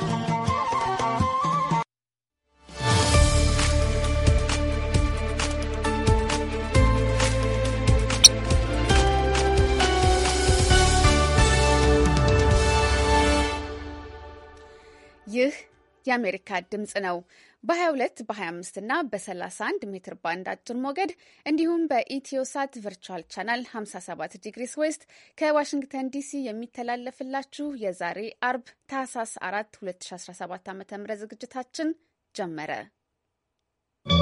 Thank you. የአሜሪካ ድምፅ ነው። በ22 በ25 እና በ31 ሜትር ባንድ አጭር ሞገድ እንዲሁም በኢትዮሳት ቨርቹዋል ቻናል 57 ዲግሪስ ዌስት ከዋሽንግተን ዲሲ የሚተላለፍላችሁ የዛሬ አርብ ታህሳስ 4 2017 ዓ.ም ዝግጅታችን ጀመረ። ¶¶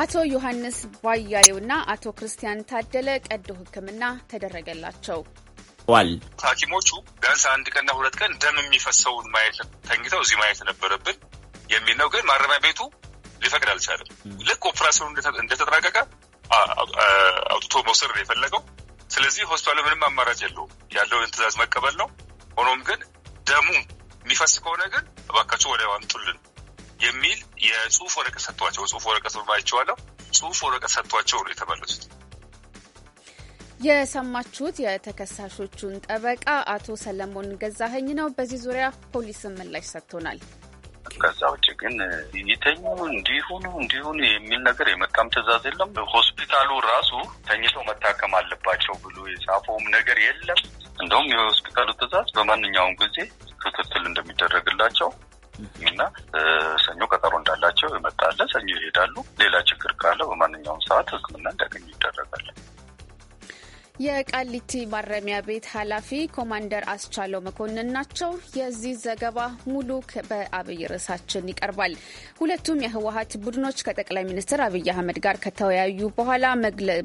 አቶ ዮሐንስ ባያየውና አቶ ክርስቲያን ታደለ ቀዶ ሕክምና ተደረገላቸው። ተጠቅሰዋል። ሐኪሞቹ ቢያንስ አንድ ቀንና ሁለት ቀን ደም የሚፈሰውን ማየት ተኝተው እዚህ ማየት ነበረብን የሚል ነው። ግን ማረሚያ ቤቱ ሊፈቅድ አልቻለም። ልክ ኦፕራሲዮኑ እንደተጠናቀቀ አውጥቶ መውሰድ ነው የፈለገው። ስለዚህ ሆስፒታሉ ምንም አማራጭ የለውም፣ ያለውን ትዕዛዝ መቀበል ነው። ሆኖም ግን ደሙ የሚፈስ ከሆነ ግን እባካቸው ወደ አምጡልን የሚል የጽሁፍ ወረቀት ሰጥቷቸው ጽሁፍ ወረቀት ማይቸዋለሁ ጽሁፍ ወረቀት ሰጥቷቸው ነው የተመለሱት። የሰማችሁት የተከሳሾቹን ጠበቃ አቶ ሰለሞን ገዛኸኝ ነው። በዚህ ዙሪያ ፖሊስም ምላሽ ሰጥቶናል። ከዛ ውጭ ግን ይተኙ እንዲሁኑ እንዲሁን የሚል ነገር የመጣም ትዕዛዝ የለም። ሆስፒታሉ ራሱ ተኝተው መታከም አለባቸው ብሎ የጻፈውም ነገር የለም። እንደውም የሆስፒታሉ ትዕዛዝ በማንኛውም ጊዜ ክትትል እንደሚደረግላቸው እና ሰኞ ቀጠሮ እንዳላቸው ይመጣለ፣ ሰኞ ይሄዳሉ። ሌላ ችግር ካለ በማንኛውም ሰዓት ሕክምና እንዲያገኙ ይደረጋል። የቃሊቲ ማረሚያ ቤት ኃላፊ ኮማንደር አስቻለው መኮንን ናቸው። የዚህ ዘገባ ሙሉ በአብይ ርዕሳችን ይቀርባል። ሁለቱም የህወሀት ቡድኖች ከጠቅላይ ሚኒስትር አብይ አህመድ ጋር ከተወያዩ በኋላ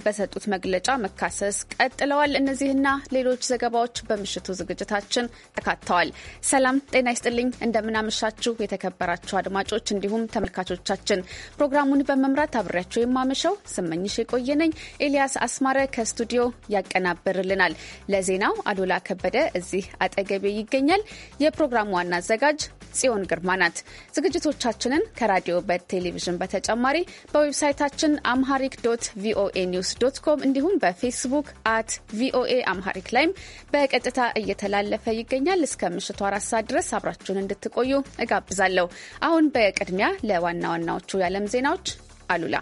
በሰጡት መግለጫ መካሰስ ቀጥለዋል። እነዚህና ሌሎች ዘገባዎች በምሽቱ ዝግጅታችን ተካተዋል። ሰላም ጤና ይስጥልኝ። እንደምናመሻችሁ የተከበራችሁ አድማጮች እንዲሁም ተመልካቾቻችን ፕሮግራሙን በመምራት አብሬያቸው የማመሸው ስመኝሽ የቆየነኝ ኤልያስ አስማረ ከስቱዲዮ ያቀናብርልናል። ለዜናው አሉላ ከበደ እዚህ አጠገቤ ይገኛል። የፕሮግራሙ ዋና አዘጋጅ ጽዮን ግርማ ናት። ዝግጅቶቻችንን ከራዲዮ በቴሌቪዥን በተጨማሪ በዌብሳይታችን አምሃሪክ ዶት ቪኦኤ ኒውስ ዶት ኮም እንዲሁም በፌስቡክ አት ቪኦኤ አምሃሪክ ላይም በቀጥታ እየተላለፈ ይገኛል። እስከ ምሽቱ አራት ሰዓት ድረስ አብራችሁን እንድትቆዩ እጋብዛለሁ። አሁን በቅድሚያ ለዋና ዋናዎቹ የዓለም ዜናዎች አሉላ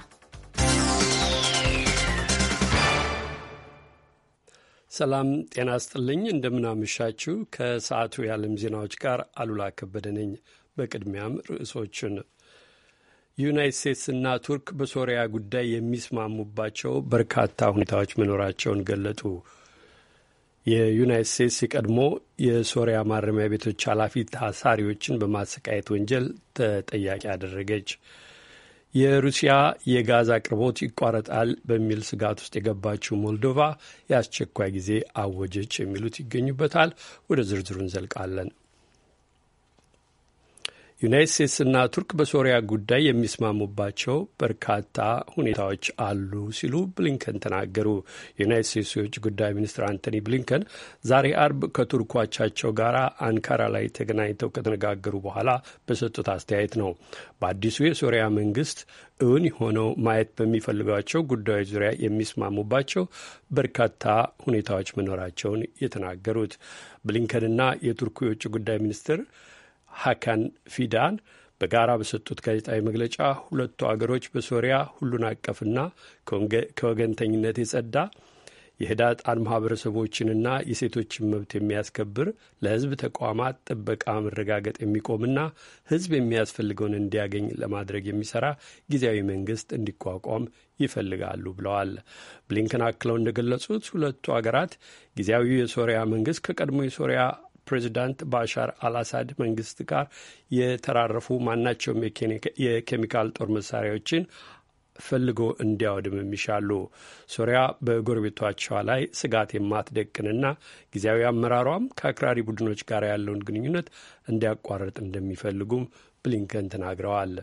ሰላም ጤና ስጥልኝ። እንደምናመሻችው ከሰዓቱ የዓለም ዜናዎች ጋር አሉላ ከበደ ነኝ። በቅድሚያም ርዕሶቹን ዩናይት ስቴትስና ቱርክ በሶሪያ ጉዳይ የሚስማሙባቸው በርካታ ሁኔታዎች መኖራቸውን ገለጡ። የዩናይት ስቴትስ የቀድሞ የሶሪያ ማረሚያ ቤቶች ኃላፊ ታሳሪዎችን በማሰቃየት ወንጀል ተጠያቂ አደረገች። የሩሲያ የጋዝ አቅርቦት ይቋረጣል በሚል ስጋት ውስጥ የገባችው ሞልዶቫ የአስቸኳይ ጊዜ አወጀች የሚሉት ይገኙበታል። ወደ ዝርዝሩ እንዘልቃለን። ዩናይት ስቴትስና ቱርክ በሶሪያ ጉዳይ የሚስማሙባቸው በርካታ ሁኔታዎች አሉ ሲሉ ብሊንከን ተናገሩ። የዩናይት ስቴትስ የውጭ ጉዳይ ሚኒስትር አንቶኒ ብሊንከን ዛሬ አርብ ከቱርክ አቻቸው ጋር አንካራ ላይ ተገናኝተው ከተነጋገሩ በኋላ በሰጡት አስተያየት ነው። በአዲሱ የሶሪያ መንግስት እውን ሆነው ማየት በሚፈልጓቸው ጉዳዮች ዙሪያ የሚስማሙባቸው በርካታ ሁኔታዎች መኖራቸውን የተናገሩት ብሊንከንና የቱርኩ የውጭ ጉዳይ ሚኒስትር ሐካን ፊዳን በጋራ በሰጡት ጋዜጣዊ መግለጫ ሁለቱ አገሮች በሶሪያ ሁሉን አቀፍና ከወገንተኝነት የጸዳ የህዳጣን ማህበረሰቦችንና የሴቶችን መብት የሚያስከብር ለህዝብ ተቋማት ጥበቃ መረጋገጥ የሚቆምና ህዝብ የሚያስፈልገውን እንዲያገኝ ለማድረግ የሚሰራ ጊዜያዊ መንግስት እንዲቋቋም ይፈልጋሉ ብለዋል። ብሊንከን አክለው እንደገለጹት ሁለቱ አገራት ጊዜያዊ የሶሪያ መንግስት ከቀድሞ የሶሪያ ፕሬዚዳንት ባሻር አልአሳድ መንግስት ጋር የተራረፉ ማናቸውም የኬሚካል ጦር መሳሪያዎችን ፈልጎ እንዲያወድም ይሻሉ። ሶሪያ በጎረቤቶቿ ላይ ስጋት የማትደቅንና ጊዜያዊ አመራሯም ከአክራሪ ቡድኖች ጋር ያለውን ግንኙነት እንዲያቋርጥ እንደሚፈልጉም ብሊንከን ተናግረዋል።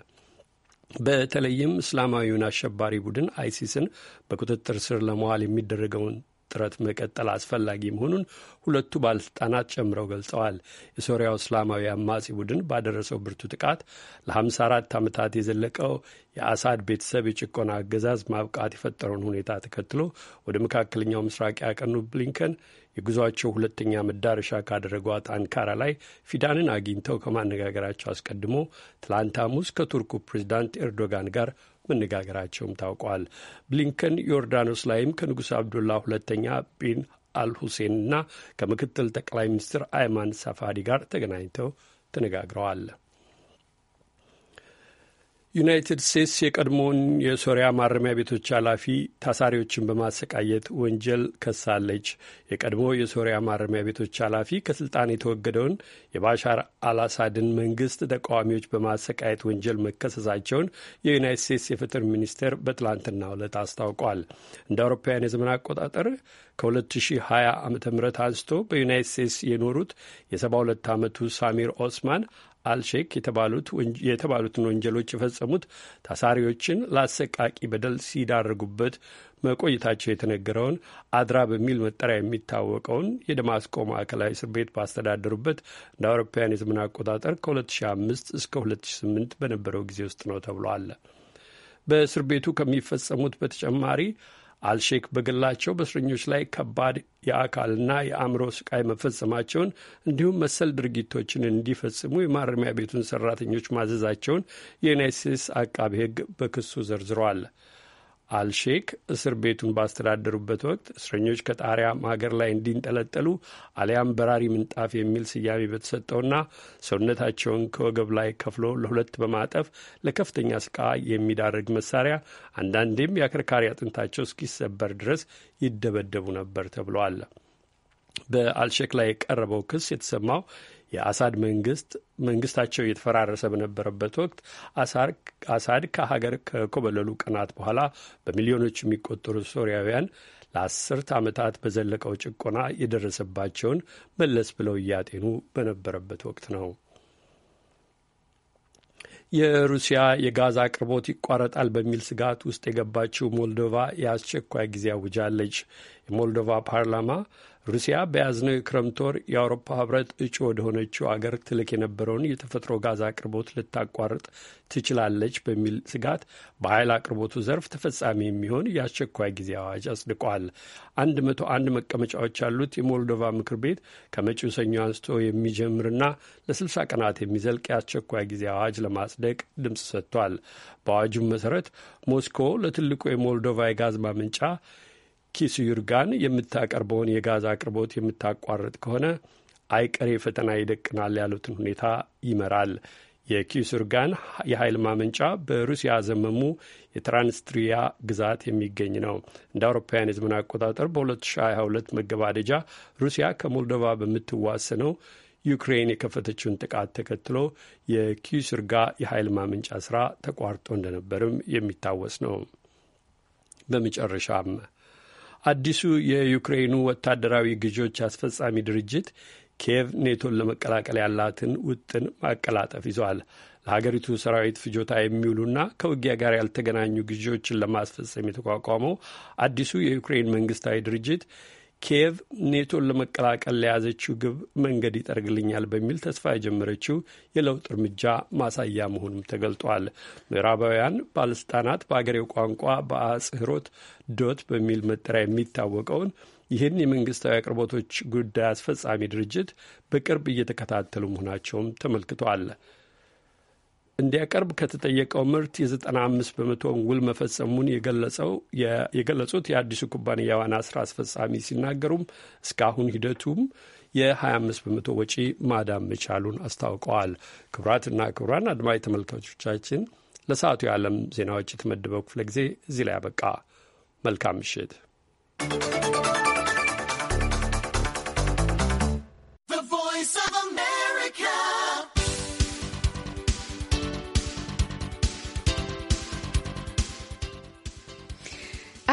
በተለይም እስላማዊውን አሸባሪ ቡድን አይሲስን በቁጥጥር ስር ለመዋል የሚደረገውን ጥረት መቀጠል አስፈላጊ መሆኑን ሁለቱ ባለሥልጣናት ጨምረው ገልጸዋል። የሶሪያው እስላማዊ አማጺ ቡድን ባደረሰው ብርቱ ጥቃት ለ54 ዓመታት የዘለቀው የአሳድ ቤተሰብ የጭቆና አገዛዝ ማብቃት የፈጠረውን ሁኔታ ተከትሎ ወደ መካከለኛው ምስራቅ ያቀኑ ብሊንከን የጉዟቸው ሁለተኛ መዳረሻ ካደረጓት አንካራ ላይ ፊዳንን አግኝተው ከማነጋገራቸው አስቀድሞ ትላንት ሐሙስ ከቱርኩ ፕሬዚዳንት ኤርዶጋን ጋር መነጋገራቸውም ታውቋል። ብሊንከን ዮርዳኖስ ላይም ከንጉሥ አብዱላ ሁለተኛ ቢን አልሁሴንና ከምክትል ጠቅላይ ሚኒስትር አይማን ሳፋዲ ጋር ተገናኝተው ተነጋግረዋል። ዩናይትድ ስቴትስ የቀድሞውን የሶሪያ ማረሚያ ቤቶች ኃላፊ ታሳሪዎችን በማሰቃየት ወንጀል ከሳለች። የቀድሞ የሶሪያ ማረሚያ ቤቶች ኃላፊ ከስልጣን የተወገደውን የባሻር አልአሳድን መንግስት ተቃዋሚዎች በማሰቃየት ወንጀል መከሰሳቸውን የዩናይትድ ስቴትስ የፍትህ ሚኒስቴር በትላንትናው ዕለት አስታውቋል። እንደ አውሮፓውያን የዘመን አቆጣጠር ከ2020 ዓ ም አንስቶ በዩናይትድ ስቴትስ የኖሩት የ72 ዓመቱ ሳሚር ኦስማን አልሼክ የተባሉትን ወንጀሎች የፈጸሙት ታሳሪዎችን ለአሰቃቂ በደል ሲዳረጉበት መቆየታቸው የተነገረውን አድራ በሚል መጠሪያ የሚታወቀውን የደማስቆ ማዕከላዊ እስር ቤት ባስተዳደሩበት እንደ አውሮፓውያን የዘመን አቆጣጠር ከ2005 እስከ 2008 በነበረው ጊዜ ውስጥ ነው ተብሏል። በእስር ቤቱ ከሚፈጸሙት በተጨማሪ አልሼክ በግላቸው በእስረኞች ላይ ከባድ የአካልና የአእምሮ ስቃይ መፈጸማቸውን እንዲሁም መሰል ድርጊቶችን እንዲፈጽሙ የማረሚያ ቤቱን ሰራተኞች ማዘዛቸውን የዩናይት ስቴትስ አቃቤ ሕግ በክሱ ዘርዝሯል። አልሼክ እስር ቤቱን ባስተዳደሩበት ወቅት እስረኞች ከጣሪያ ማገር ላይ እንዲንጠለጠሉ አሊያም በራሪ ምንጣፍ የሚል ስያሜ በተሰጠውና ሰውነታቸውን ከወገብ ላይ ከፍሎ ለሁለት በማጠፍ ለከፍተኛ ስቃ የሚዳርግ መሳሪያ አንዳንዴም የአከርካሪ አጥንታቸው እስኪሰበር ድረስ ይደበደቡ ነበር ተብሏል። በአልሼክ ላይ የቀረበው ክስ የተሰማው የአሳድ መንግስት መንግስታቸው እየተፈራረሰ በነበረበት ወቅት አሳድ ከሀገር ከኮበለሉ ቀናት በኋላ በሚሊዮኖች የሚቆጠሩ ሶሪያውያን ለአስርት ዓመታት በዘለቀው ጭቆና የደረሰባቸውን መለስ ብለው እያጤኑ በነበረበት ወቅት ነው። የሩሲያ የጋዝ አቅርቦት ይቋረጣል በሚል ስጋት ውስጥ የገባችው ሞልዶቫ የአስቸኳይ ጊዜ አውጃለች። የሞልዶቫ ፓርላማ ሩሲያ በያዝነው የክረምት ወር የአውሮፓ ህብረት እጩ ወደሆነችው አገር ትልክ የነበረውን የተፈጥሮ ጋዝ አቅርቦት ልታቋርጥ ትችላለች በሚል ስጋት በኃይል አቅርቦቱ ዘርፍ ተፈጻሚ የሚሆን የአስቸኳይ ጊዜ አዋጅ አጽድቋል። አንድ መቶ አንድ መቀመጫዎች ያሉት የሞልዶቫ ምክር ቤት ከመጪው ሰኞ አንስቶ የሚጀምርና ለስልሳ ቀናት የሚዘልቅ የአስቸኳይ ጊዜ አዋጅ ለማጽደቅ ድምፅ ሰጥቷል። በአዋጁም መሰረት ሞስኮ ለትልቁ የሞልዶቫ የጋዝ ማመንጫ ኪስዩርጋን የምታቀርበውን የጋዝ አቅርቦት የምታቋርጥ ከሆነ አይቀሬ ፈተና ይደቅናል ያሉትን ሁኔታ ይመራል። የኪሱርጋን የኃይል ማመንጫ በሩሲያ ዘመሙ የትራንስትሪያ ግዛት የሚገኝ ነው። እንደ አውሮፓውያን የዘመን አቆጣጠር በ2022 መገባደጃ ሩሲያ ከሞልዶቫ በምትዋሰነው ዩክሬን የከፈተችውን ጥቃት ተከትሎ የኪሱርጋ የኃይል ማመንጫ ስራ ተቋርጦ እንደነበርም የሚታወስ ነው። በመጨረሻም አዲሱ የዩክሬኑ ወታደራዊ ግዢዎች አስፈጻሚ ድርጅት ኪየቭ ኔቶን ለመቀላቀል ያላትን ውጥን ማቀላጠፍ ይዘዋል። ለሀገሪቱ ሰራዊት ፍጆታ የሚውሉና ከውጊያ ጋር ያልተገናኙ ግዢዎችን ለማስፈጸም የተቋቋመው አዲሱ የዩክሬን መንግስታዊ ድርጅት ኪየቭ ኔቶን ለመቀላቀል ለያዘችው ግብ መንገድ ይጠርግልኛል በሚል ተስፋ የጀመረችው የለውጥ እርምጃ ማሳያ መሆኑም ተገልጧል። ምዕራባውያን ባለስልጣናት በአገሬው ቋንቋ በአጽህሮት ዶት በሚል መጠሪያ የሚታወቀውን ይህን የመንግስታዊ አቅርቦቶች ጉዳይ አስፈጻሚ ድርጅት በቅርብ እየተከታተሉ መሆናቸውም ተመልክቷል። እንዲያቀርብ ከተጠየቀው ምርት የ95 በመቶ ውል መፈጸሙን የገለጹት የአዲሱ ኩባንያ ዋና ስራ አስፈጻሚ ሲናገሩም እስካሁን ሂደቱም የ25 በመቶ ወጪ ማዳን መቻሉን አስታውቀዋል። ክቡራትና ክቡራን አድማጭ ተመልካቾቻችን ለሰዓቱ የዓለም ዜናዎች የተመደበው ክፍለ ጊዜ እዚህ ላይ አበቃ። መልካም ምሽት።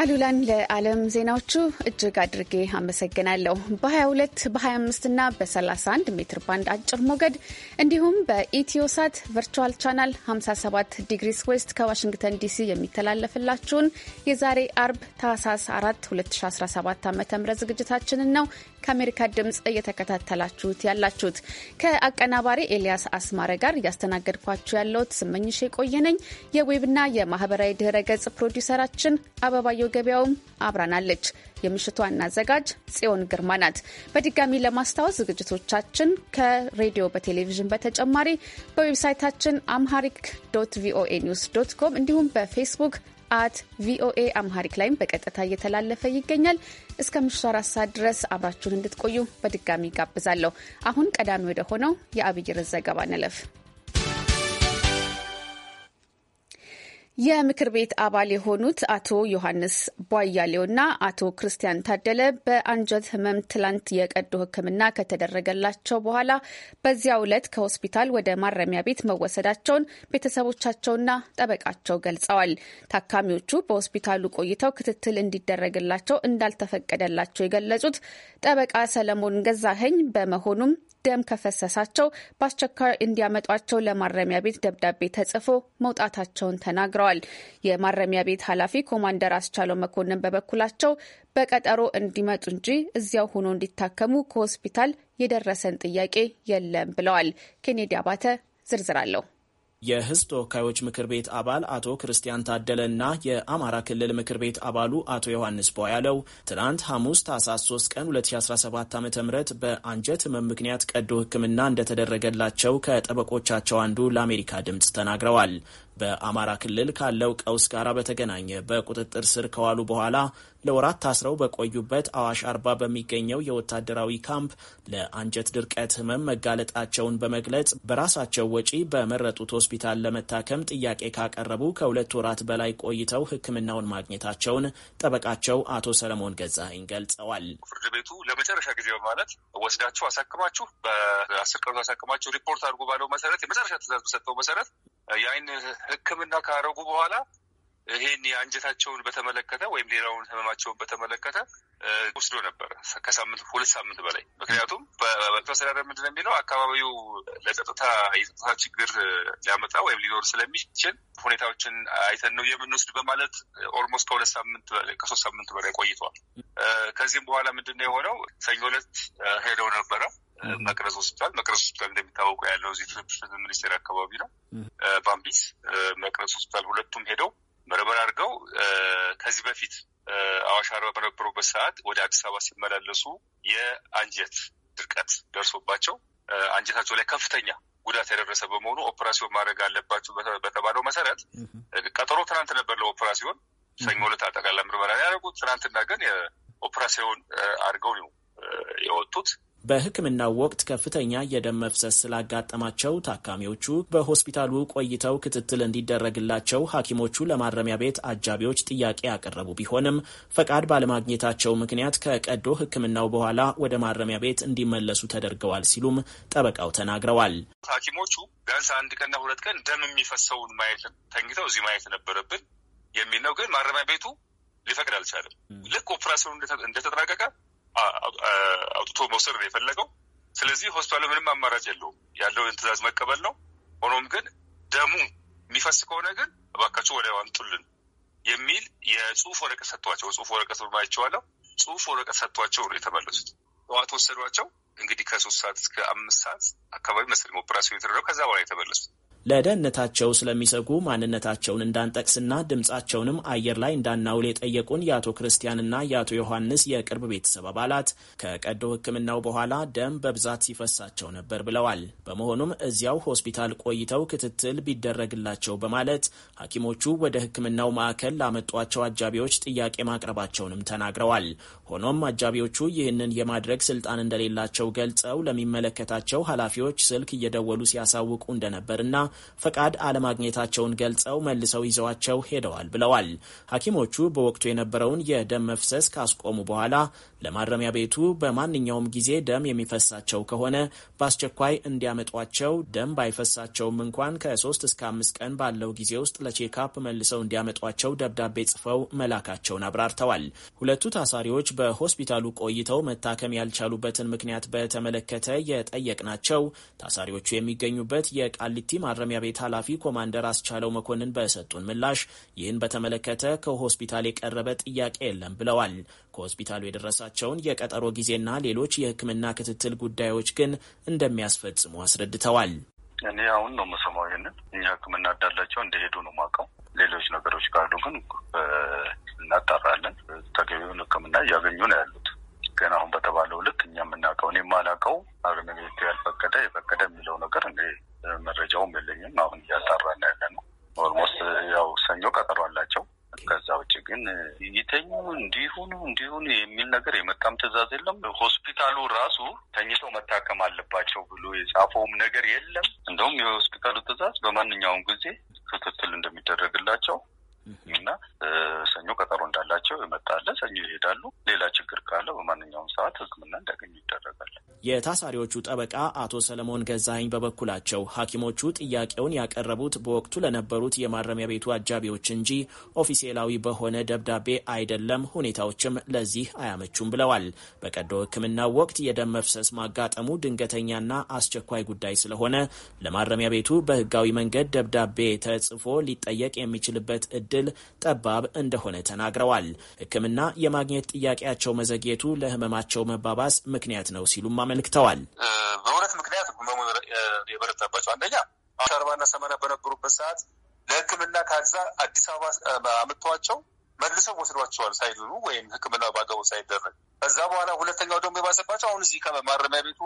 አሉላን ለዓለም ዜናዎቹ እጅግ አድርጌ አመሰግናለሁ። በ22 በ25 እና በ31 ሜትር ባንድ አጭር ሞገድ እንዲሁም በኢትዮሳት ቨርቹዋል ቻናል 57 ዲግሪስ ዌስት ከዋሽንግተን ዲሲ የሚተላለፍላችሁን የዛሬ አርብ ታህሳስ 4 2017 ዓ ም ዝግጅታችንን ነው ከአሜሪካ ድምፅ እየተከታተላችሁት ያላችሁት ከአቀናባሪ ኤልያስ አስማረ ጋር እያስተናገድኳችሁ ያለሁት ስመኝሽ የቆየነኝ። የዌብና የማህበራዊ ድህረ ገጽ ፕሮዲውሰራችን አበባየው ገበያውም አብራናለች። የምሽቱ ዋና አዘጋጅ ጽዮን ግርማ ናት። በድጋሚ ለማስታወስ ዝግጅቶቻችን ከሬዲዮ በቴሌቪዥን በተጨማሪ በዌብሳይታችን አምሃሪክ ዶት ቪኦኤ ኒውስ ዶት ኮም እንዲሁም በፌስቡክ አት ቪኦኤ አምሃሪክ ላይም በቀጥታ እየተላለፈ ይገኛል። እስከ ምሽቱ አራት ሰዓት ድረስ አብራችሁን እንድትቆዩ በድጋሚ ጋብዛለሁ። አሁን ቀዳሚ ወደ ሆነው የአብይር ዘገባ ንለፍ። የምክር ቤት አባል የሆኑት አቶ ዮሐንስ ቧያሌውና አቶ ክርስቲያን ታደለ በአንጀት ህመም ትላንት የቀዶ ሕክምና ከተደረገላቸው በኋላ በዚያ ዕለት ከሆስፒታል ወደ ማረሚያ ቤት መወሰዳቸውን ቤተሰቦቻቸውና ጠበቃቸው ገልጸዋል። ታካሚዎቹ በሆስፒታሉ ቆይተው ክትትል እንዲደረግላቸው እንዳልተፈቀደላቸው የገለጹት ጠበቃ ሰለሞን ገዛኸኝ በመሆኑም ደም ከፈሰሳቸው በአስቸኳይ እንዲያመጧቸው ለማረሚያ ቤት ደብዳቤ ተጽፎ መውጣታቸውን ተናግረዋል። ተናግረዋል። የማረሚያ ቤት ኃላፊ ኮማንደር አስቻለው መኮንን በበኩላቸው በቀጠሮ እንዲመጡ እንጂ እዚያው ሆኖ እንዲታከሙ ከሆስፒታል የደረሰን ጥያቄ የለም ብለዋል። ኬኔዲ አባተ ዝርዝር አለው። የሕዝብ ተወካዮች ምክር ቤት አባል አቶ ክርስቲያን ታደለ እና የአማራ ክልል ምክር ቤት አባሉ አቶ ዮሐንስ ያለው ትናንት ሐሙስ ታህሳስ 3 ቀን 2017 ዓ ም በአንጀት ህመም ምክንያት ቀዶ ሕክምና እንደተደረገላቸው ከጠበቆቻቸው አንዱ ለአሜሪካ ድምፅ ተናግረዋል። በአማራ ክልል ካለው ቀውስ ጋር በተገናኘ በቁጥጥር ስር ከዋሉ በኋላ ለወራት ታስረው በቆዩበት አዋሽ አርባ በሚገኘው የወታደራዊ ካምፕ ለአንጀት ድርቀት ህመም መጋለጣቸውን በመግለጽ በራሳቸው ወጪ በመረጡት ሆስፒታል ለመታከም ጥያቄ ካቀረቡ ከሁለት ወራት በላይ ቆይተው ሕክምናውን ማግኘታቸውን ጠበቃቸው አቶ ሰለሞን ገዛኸኝ ገልጸዋል። ፍርድ ቤቱ ለመጨረሻ ጊዜ በማለት ወስዳችሁ አሳክማችሁ በአስር ቀኑ አሳክማችሁ ሪፖርት አድርጎ ባለው መሰረት የመጨረሻ ትእዛዝ በሰጠው መሰረት የአይን ሕክምና ካደረጉ በኋላ ይሄን የአንጀታቸውን በተመለከተ ወይም ሌላውን ህመማቸውን በተመለከተ ወስዶ ነበረ ከሳምንት ሁለት ሳምንት በላይ ምክንያቱም በተወሰዳደ ምንድን የሚለው አካባቢው ለጸጥታ የጸጥታ ችግር ሊያመጣ ወይም ሊኖር ስለሚችል ሁኔታዎችን አይተን ነው የምንወስድ በማለት ኦልሞስት ከሁለት ሳምንት ከሶስት ሳምንት በላይ ቆይቷል። ከዚህም በኋላ ምንድን ነው የሆነው ሰኞ ዕለት ሄደው ነበረ መቅረጽ ሆስፒታል መቅረጽ ሆስፒታል እንደሚታወቀው ያለው እዚህ ትምህርት ሚኒስቴር አካባቢ ነው። ባምቢስ መቅረጽ ሆስፒታል ሁለቱም ሄደው ምርመራ አድርገው ከዚህ በፊት አዋሽ አርባ በነበሩበት ሰዓት ወደ አዲስ አበባ ሲመላለሱ የአንጀት ድርቀት ደርሶባቸው አንጀታቸው ላይ ከፍተኛ ጉዳት የደረሰ በመሆኑ ኦፕራሲዮን ማድረግ አለባቸው በተባለው መሰረት ቀጠሮ ትናንት ነበር ለኦፕራሲዮን ሰኞ ዕለት አጠቃላይ ምርመራ ያደረጉት። ትናንትና ግን የኦፕራሲዮን አድርገው ነው የወጡት። በሕክምናው ወቅት ከፍተኛ የደም መፍሰስ ስላጋጠማቸው ታካሚዎቹ በሆስፒታሉ ቆይተው ክትትል እንዲደረግላቸው ሐኪሞቹ ለማረሚያ ቤት አጃቢዎች ጥያቄ ያቀረቡ ቢሆንም ፈቃድ ባለማግኘታቸው ምክንያት ከቀዶ ሕክምናው በኋላ ወደ ማረሚያ ቤት እንዲመለሱ ተደርገዋል ሲሉም ጠበቃው ተናግረዋል። ሐኪሞቹ ቢያንስ አንድ ቀንና ሁለት ቀን ደም የሚፈሰውን ማየት ተኝተው እዚህ ማየት ነበረብን የሚል ነው። ግን ማረሚያ ቤቱ ሊፈቅድ አልቻለም። ልክ ኦፕራሲዮን እንደተጠናቀቀ አውጥቶ መውሰድ ነው የፈለገው። ስለዚህ ሆስፒታሉ ምንም አማራጭ የለውም፣ ያለውን ትዕዛዝ መቀበል ነው። ሆኖም ግን ደሙ የሚፈስ ከሆነ ግን እባካቸው ወደ አምጡልን የሚል የጽሁፍ ወረቀት ሰጥቷቸው ጽሁፍ ወረቀት ብማይቸዋለው ጽሁፍ ወረቀት ሰጥቷቸው ነው የተመለሱት። ጠዋት ወሰዷቸው እንግዲህ ከሶስት ሰዓት እስከ አምስት ሰዓት አካባቢ መሰለኝ ኦፕራሲዮን የተደረገው ከዛ በኋላ የተመለሱት ለደህንነታቸው ስለሚሰጉ ማንነታቸውን እንዳንጠቅስና ድምፃቸውንም አየር ላይ እንዳናውል የጠየቁን የአቶ ክርስቲያንና የአቶ ዮሐንስ የቅርብ ቤተሰብ አባላት ከቀዶ ሕክምናው በኋላ ደም በብዛት ሲፈሳቸው ነበር ብለዋል። በመሆኑም እዚያው ሆስፒታል ቆይተው ክትትል ቢደረግላቸው በማለት ሐኪሞቹ ወደ ሕክምናው ማዕከል ላመጧቸው አጃቢዎች ጥያቄ ማቅረባቸውንም ተናግረዋል። ሆኖም አጃቢዎቹ ይህንን የማድረግ ስልጣን እንደሌላቸው ገልጸው ለሚመለከታቸው ኃላፊዎች ስልክ እየደወሉ ሲያሳውቁ እንደነበርና ፈቃድ አለማግኘታቸውን ገልጸው መልሰው ይዘዋቸው ሄደዋል ብለዋል። ሐኪሞቹ በወቅቱ የነበረውን የደም መፍሰስ ካስቆሙ በኋላ ለማረሚያ ቤቱ በማንኛውም ጊዜ ደም የሚፈሳቸው ከሆነ በአስቸኳይ እንዲያመጧቸው፣ ደም ባይፈሳቸውም እንኳን ከሶስት እስከ አምስት ቀን ባለው ጊዜ ውስጥ ለቼካፕ መልሰው እንዲያመጧቸው ደብዳቤ ጽፈው መላካቸውን አብራርተዋል። ሁለቱ ታሳሪዎች በሆስፒታሉ ቆይተው መታከም ያልቻሉበትን ምክንያት በተመለከተ የጠየቅናቸው ታሳሪዎቹ የሚገኙበት የቃሊቲ ማረ ማረሚያ ቤት ኃላፊ ኮማንደር አስቻለው መኮንን በሰጡን ምላሽ ይህን በተመለከተ ከሆስፒታል የቀረበ ጥያቄ የለም ብለዋል። ከሆስፒታሉ የደረሳቸውን የቀጠሮ ጊዜና ሌሎች የሕክምና ክትትል ጉዳዮች ግን እንደሚያስፈጽሙ አስረድተዋል። እኔ አሁን ነው የምሰማው። ይህንን እኛ ሕክምና እንዳላቸው እንደሄዱ ነው የማውቀው። ሌሎች ነገሮች ካሉ ግን የታሳሪዎቹ ጠበቃ አቶ ሰለሞን ገዛኝ በበኩላቸው ሐኪሞቹ ጥያቄውን ያቀረቡት በወቅቱ ለነበሩት የማረሚያ ቤቱ አጃቢዎች እንጂ ኦፊሴላዊ በሆነ ደብዳቤ አይደለም፣ ሁኔታዎችም ለዚህ አያመቹም ብለዋል። በቀዶ ሕክምናው ወቅት የደም መፍሰስ ማጋጠሙ ድንገተኛና አስቸኳይ ጉዳይ ስለሆነ ለማረሚያ ቤቱ በህጋዊ መንገድ ደብዳቤ ተጽፎ ሊጠየቅ የሚችልበት እድል ጠባብ እንደሆነ ተናግረዋል። ሕክምና የማግኘት ጥያቄያቸው መዘግየቱ ለህመማቸው መባባስ ምክንያት ነው ሲሉም አመልክ አመልክተዋል። በሁለት ምክንያት ህመሙ የበረታባቸው አንደኛ አርባና ሰማንያ በነበሩበት ሰዓት ለህክምና ከዛ አዲስ አበባ አምጥተዋቸው መልሰው ወስዷቸዋል ሳይድኑ ወይም ህክምና በአግባቡ ሳይደረግ ከዛ በኋላ ሁለተኛው ደግሞ የባሰባቸው አሁን እዚህ ከማረሚያ ቤቱ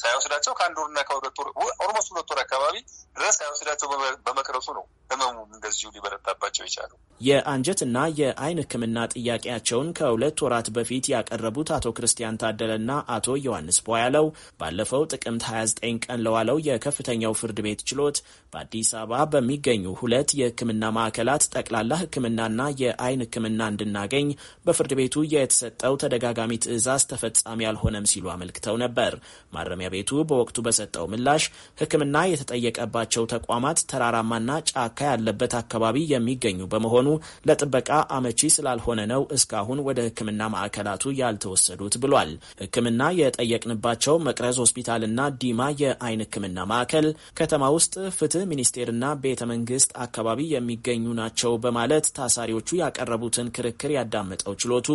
ሳይወስዳቸው ከአንድ ወርና ከሁለት ወር ኦልሞስት ሁለት ወር አካባቢ ድረስ ሳይወስዳቸው በመቅረቱ ነው ህመሙ እንደዚሁ ሊበረታባቸው ይቻሉ። የአንጀትና የአይን ህክምና ጥያቄያቸውን ከሁለት ወራት በፊት ያቀረቡት አቶ ክርስቲያን ታደለና አቶ ዮሐንስ ቧያለው ባለፈው ጥቅምት 29 ቀን ለዋለው የከፍተኛው ፍርድ ቤት ችሎት በአዲስ አበባ በሚገኙ ሁለት የህክምና ማዕከላት ጠቅላላ ህክምናና የአይን ህክምና እንድናገኝ በፍርድ ቤቱ የተሰጠው ተደጋጋሚ ትዕዛዝ ተፈጻሚ አልሆነም ሲሉ አመልክተው ነበር። ማረሚያ ቤቱ በወቅቱ በሰጠው ምላሽ ህክምና የተጠየቀባቸው ተቋማት ተራራማና ጫካ ያለበት አካባቢ የሚገኙ በመሆኑ ለጥበቃ አመቺ ስላልሆነ ነው እስካሁን ወደ ህክምና ማዕከላቱ ያልተወሰዱት ብሏል። ህክምና የጠየቅንባቸው መቅረዝ ሆስፒታልና ዲማ የአይን ህክምና ማዕከል ከተማ ውስጥ ፍትህ ሚኒስቴርና ቤተ መንግስት አካባቢ የሚገኙ ናቸው በማለት ታሳሪዎቹ ያቀረቡትን ክርክር ያዳመጠው ችሎቱ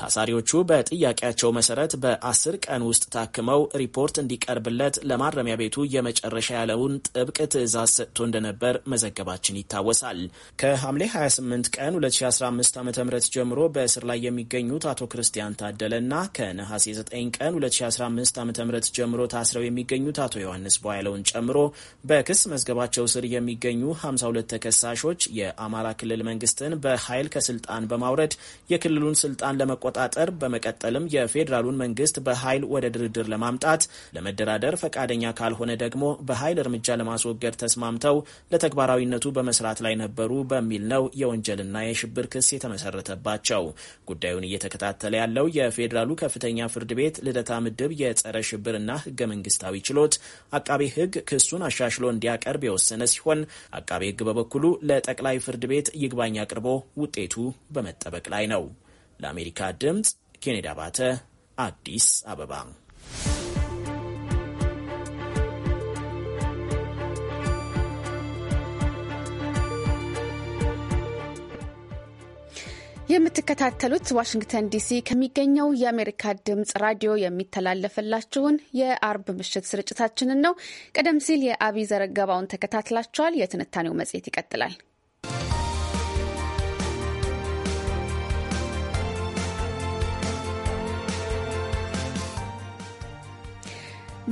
ታሳሪዎቹ በጥያቄያቸው መሰረት በአስር ቀን ውስጥ ታክመው ሪፖርት እንዲቀርብለት ለማረሚያ ቤቱ የመጨረሻ ያለውን ጥብቅ ትዕዛዝ ሰጥቶ እንደነበር መዘገባችን ይታወሳል። ከሐምሌ 28 ቀን 2015 ዓ ም ጀምሮ በእስር ላይ የሚገኙት አቶ ክርስቲያን ታደለና ከነሐሴ 9 ቀን 2015 ዓ ም ጀምሮ ታስረው የሚገኙት አቶ ዮሐንስ ቧያለውን ጨምሮ በክስ መዝገባቸው በቁጥጥራቸው ስር የሚገኙ 52 ተከሳሾች የአማራ ክልል መንግስትን በኃይል ከስልጣን በማውረድ የክልሉን ስልጣን ለመቆጣጠር በመቀጠልም የፌዴራሉን መንግስት በኃይል ወደ ድርድር ለማምጣት ለመደራደር ፈቃደኛ ካልሆነ ደግሞ በኃይል እርምጃ ለማስወገድ ተስማምተው ለተግባራዊነቱ በመስራት ላይ ነበሩ በሚል ነው የወንጀልና የሽብር ክስ የተመሰረተባቸው። ጉዳዩን እየተከታተለ ያለው የፌዴራሉ ከፍተኛ ፍርድ ቤት ልደታ ምድብ የጸረ ሽብርና ህገ መንግስታዊ ችሎት አቃቤ ህግ ክሱን አሻሽሎ እንዲያቀርብ የወሰነ ሲሆን አቃቤ ሕግ በበኩሉ ለጠቅላይ ፍርድ ቤት ይግባኝ አቅርቦ ውጤቱ በመጠበቅ ላይ ነው። ለአሜሪካ ድምፅ ኬኔዲ አባተ አዲስ አበባ የምትከታተሉት ዋሽንግተን ዲሲ ከሚገኘው የአሜሪካ ድምፅ ራዲዮ የሚተላለፍላችሁን የአርብ ምሽት ስርጭታችንን ነው። ቀደም ሲል የአብይ ዘረገባውን ተከታትላችኋል። የትንታኔው መጽሔት ይቀጥላል።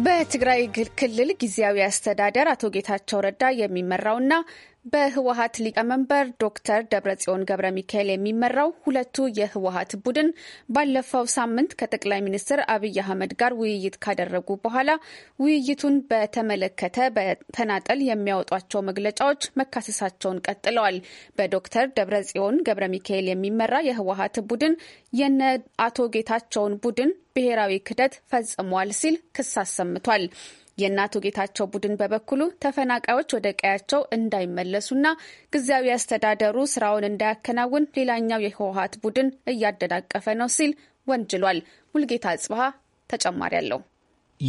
በትግራይ ክልል ጊዜያዊ አስተዳደር አቶ ጌታቸው ረዳ የሚመራውና በህወሀት ሊቀመንበር ዶክተር ደብረጽዮን ገብረ ሚካኤል የሚመራው ሁለቱ የህወሀት ቡድን ባለፈው ሳምንት ከጠቅላይ ሚኒስትር አብይ አህመድ ጋር ውይይት ካደረጉ በኋላ ውይይቱን በተመለከተ በተናጠል የሚያወጧቸው መግለጫዎች መካሰሳቸውን ቀጥለዋል። በዶክተር ደብረጽዮን ገብረ ሚካኤል የሚመራ የህወሀት ቡድን የነ አቶ ጌታቸውን ቡድን ብሔራዊ ክደት ፈጽሟል ሲል ክስ አሰምቷል። የእናቶ ጌታቸው ቡድን በበኩሉ ተፈናቃዮች ወደ ቀያቸው እንዳይመለሱና ጊዜያዊ አስተዳደሩ ስራውን እንዳያከናውን ሌላኛው የህወሀት ቡድን እያደናቀፈ ነው ሲል ወንጅሏል። ሙልጌታ ጽብሃ ተጨማሪ አለው።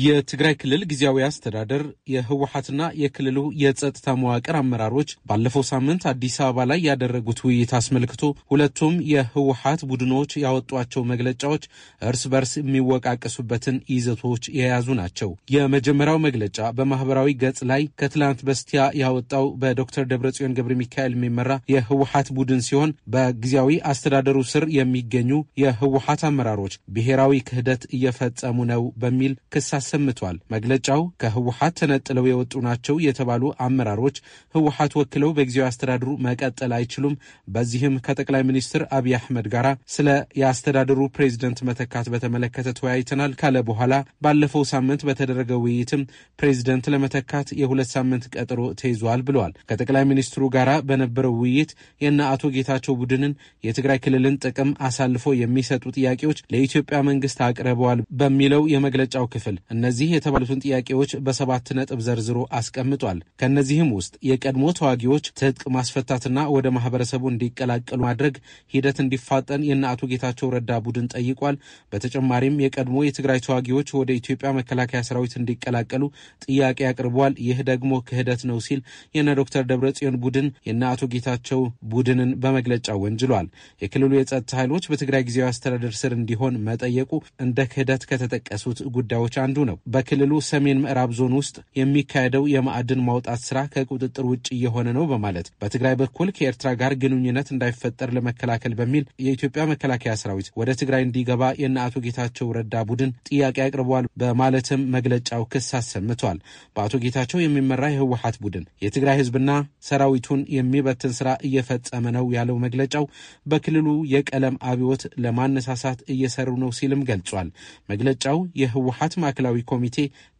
የትግራይ ክልል ጊዜያዊ አስተዳደር የህወሓትና የክልሉ የጸጥታ መዋቅር አመራሮች ባለፈው ሳምንት አዲስ አበባ ላይ ያደረጉት ውይይት አስመልክቶ ሁለቱም የህወሓት ቡድኖች ያወጧቸው መግለጫዎች እርስ በርስ የሚወቃቀሱበትን ይዘቶች የያዙ ናቸው። የመጀመሪያው መግለጫ በማህበራዊ ገጽ ላይ ከትላንት በስቲያ ያወጣው በዶክተር ደብረጽዮን ገብረ ሚካኤል የሚመራ የህወሓት ቡድን ሲሆን በጊዜያዊ አስተዳደሩ ስር የሚገኙ የህወሓት አመራሮች ብሔራዊ ክህደት እየፈጸሙ ነው በሚል ክሳ አሰምቷል። መግለጫው ከህወሀት ተነጥለው የወጡ ናቸው የተባሉ አመራሮች ህወሀት ወክለው በጊዜያዊ አስተዳድሩ መቀጠል አይችሉም። በዚህም ከጠቅላይ ሚኒስትር አብይ አህመድ ጋር ስለ የአስተዳደሩ ፕሬዚደንት መተካት በተመለከተ ተወያይተናል ካለ በኋላ ባለፈው ሳምንት በተደረገ ውይይትም ፕሬዚደንት ለመተካት የሁለት ሳምንት ቀጠሮ ተይዟል ብለዋል። ከጠቅላይ ሚኒስትሩ ጋር በነበረው ውይይት የነ አቶ ጌታቸው ቡድንን የትግራይ ክልልን ጥቅም አሳልፎ የሚሰጡ ጥያቄዎች ለኢትዮጵያ መንግስት አቅርበዋል በሚለው የመግለጫው ክፍል እነዚህ የተባሉትን ጥያቄዎች በሰባት ነጥብ ዘርዝሮ አስቀምጧል። ከእነዚህም ውስጥ የቀድሞ ተዋጊዎች ትጥቅ ማስፈታትና ወደ ማህበረሰቡ እንዲቀላቀሉ ማድረግ ሂደት እንዲፋጠን የእነ አቶ ጌታቸው ረዳ ቡድን ጠይቋል። በተጨማሪም የቀድሞ የትግራይ ተዋጊዎች ወደ ኢትዮጵያ መከላከያ ሰራዊት እንዲቀላቀሉ ጥያቄ አቅርቧል። ይህ ደግሞ ክህደት ነው ሲል የነ ዶክተር ደብረጽዮን ቡድን የነ አቶ ጌታቸው ቡድንን በመግለጫ ወንጅሏል። የክልሉ የጸጥታ ኃይሎች በትግራይ ጊዜያዊ አስተዳደር ስር እንዲሆን መጠየቁ እንደ ክህደት ከተጠቀሱት ጉዳዮች አንዱ ነው። በክልሉ ሰሜን ምዕራብ ዞን ውስጥ የሚካሄደው የማዕድን ማውጣት ስራ ከቁጥጥር ውጭ እየሆነ ነው በማለት በትግራይ በኩል ከኤርትራ ጋር ግንኙነት እንዳይፈጠር ለመከላከል በሚል የኢትዮጵያ መከላከያ ሰራዊት ወደ ትግራይ እንዲገባ የእነ አቶ ጌታቸው ረዳ ቡድን ጥያቄ አቅርቧል በማለትም መግለጫው ክስ አሰምቷል። በአቶ ጌታቸው የሚመራ የህወሀት ቡድን የትግራይ ህዝብና ሰራዊቱን የሚበትን ስራ እየፈጸመ ነው ያለው መግለጫው በክልሉ የቀለም አብዮት ለማነሳሳት እየሰሩ ነው ሲልም ገልጿል። መግለጫው የህወሀት ማዕከል ማዕከላዊ ኮሚቴ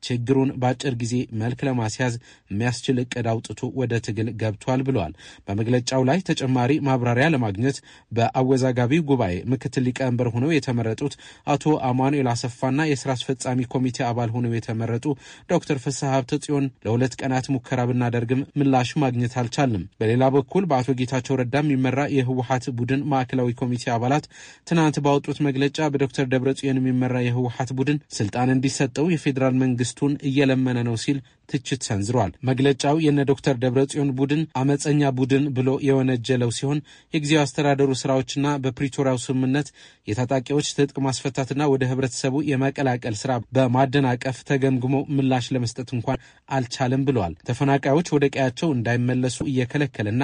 ችግሩን በአጭር ጊዜ መልክ ለማስያዝ የሚያስችል እቅድ አውጥቶ ወደ ትግል ገብቷል ብለዋል። በመግለጫው ላይ ተጨማሪ ማብራሪያ ለማግኘት በአወዛጋቢ ጉባኤ ምክትል ሊቀመንበር ሆነው የተመረጡት አቶ አማኑኤል አሰፋና የስራ አስፈጻሚ ኮሚቴ አባል ሆነው የተመረጡ ዶክተር ፍስሐ ሀብተ ጽዮን ለሁለት ቀናት ሙከራ ብናደርግም ምላሽ ማግኘት አልቻልም። በሌላ በኩል በአቶ ጌታቸው ረዳ የሚመራ የህወሀት ቡድን ማዕከላዊ ኮሚቴ አባላት ትናንት ባወጡት መግለጫ በዶክተር ደብረ ጽዮን የሚመራ የህወሀት ቡድን ስልጣን እንዲሰጥ እንዲሰጠው የፌዴራል መንግስቱን እየለመነ ነው ሲል ትችት ሰንዝሯል። መግለጫው የነ ዶክተር ደብረጽዮን ቡድን አመፀኛ ቡድን ብሎ የወነጀለው ሲሆን የጊዜው አስተዳደሩ ስራዎችና በፕሪቶሪያው ስምምነት የታጣቂዎች ትጥቅ ማስፈታትና ወደ ህብረተሰቡ የመቀላቀል ስራ በማደናቀፍ ተገምግሞ ምላሽ ለመስጠት እንኳን አልቻለም ብለዋል። ተፈናቃዮች ወደ ቀያቸው እንዳይመለሱ እየከለከለና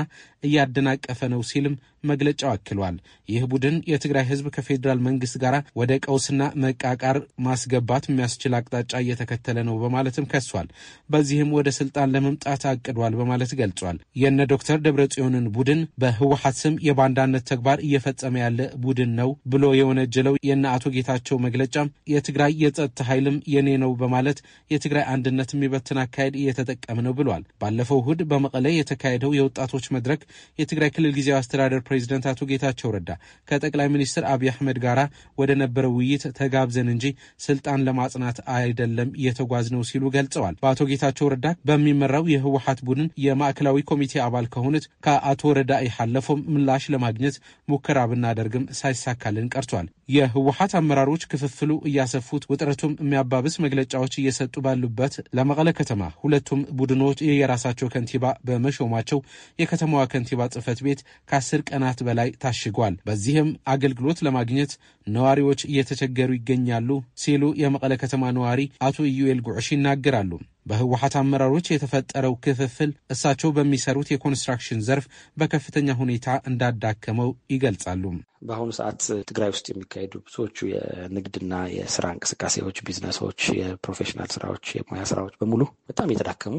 እያደናቀፈ ነው ሲልም መግለጫው አክሏል። ይህ ቡድን የትግራይ ህዝብ ከፌዴራል መንግስት ጋር ወደ ቀውስና መቃቃር ማስገባት የሚያስችል አቅጣጫ እየተከተለ ነው በማለትም ከሷል። በዚህም ወደ ስልጣን ለመምጣት አቅዷል በማለት ገልጿል። የነ ዶክተር ደብረጽዮንን ቡድን በህወሀት ስም የባንዳነት ተግባር እየፈጸመ ያለ ቡድን ነው ብሎ የወነጀለው የነ አቶ ጌታቸው መግለጫ የትግራይ የጸጥታ ኃይልም የኔ ነው በማለት የትግራይ አንድነት የሚበትን አካሄድ እየተጠቀም ነው ብሏል። ባለፈው እሁድ በመቀለ የተካሄደው የወጣቶች መድረክ የትግራይ ክልል ጊዜያዊ አስተዳደር ፕሬዚደንት አቶ ጌታቸው ረዳ ከጠቅላይ ሚኒስትር አብይ አህመድ ጋር ወደ ነበረው ውይይት ተጋብዘን እንጂ ስልጣን ለማጽናት አይደለም የተጓዝ ነው ሲሉ ገልጸዋል። በአቶ ጌታቸው ረዳ በሚመራው የህወሀት ቡድን የማዕከላዊ ኮሚቴ አባል ከሆኑት ከአቶ ረዳ ያለፈው ምላሽ ለማግኘት ሙከራ ብናደርግም ሳይሳካልን ቀርቷል። የህወሀት አመራሮች ክፍፍሉ እያሰፉት ውጥረቱም የሚያባብስ መግለጫዎች እየሰጡ ባሉበት ለመቀለ ከተማ ሁለቱም ቡድኖች የየራሳቸው ከንቲባ በመሾማቸው የከተማዋ ከንቲባ ጽህፈት ቤት ከአስር ቀ ቀናት በላይ ታሽጓል። በዚህም አገልግሎት ለማግኘት ነዋሪዎች እየተቸገሩ ይገኛሉ ሲሉ የመቀለ ከተማ ነዋሪ አቶ ኢዩኤል ጉዕሽ ይናገራሉ። በህወሀት አመራሮች የተፈጠረው ክፍፍል እሳቸው በሚሰሩት የኮንስትራክሽን ዘርፍ በከፍተኛ ሁኔታ እንዳዳከመው ይገልጻሉ። በአሁኑ ሰዓት ትግራይ ውስጥ የሚካሄዱ ብዙዎቹ የንግድና የስራ እንቅስቃሴዎች፣ ቢዝነሶች፣ የፕሮፌሽናል ስራዎች፣ የሙያ ስራዎች በሙሉ በጣም የተዳከሙ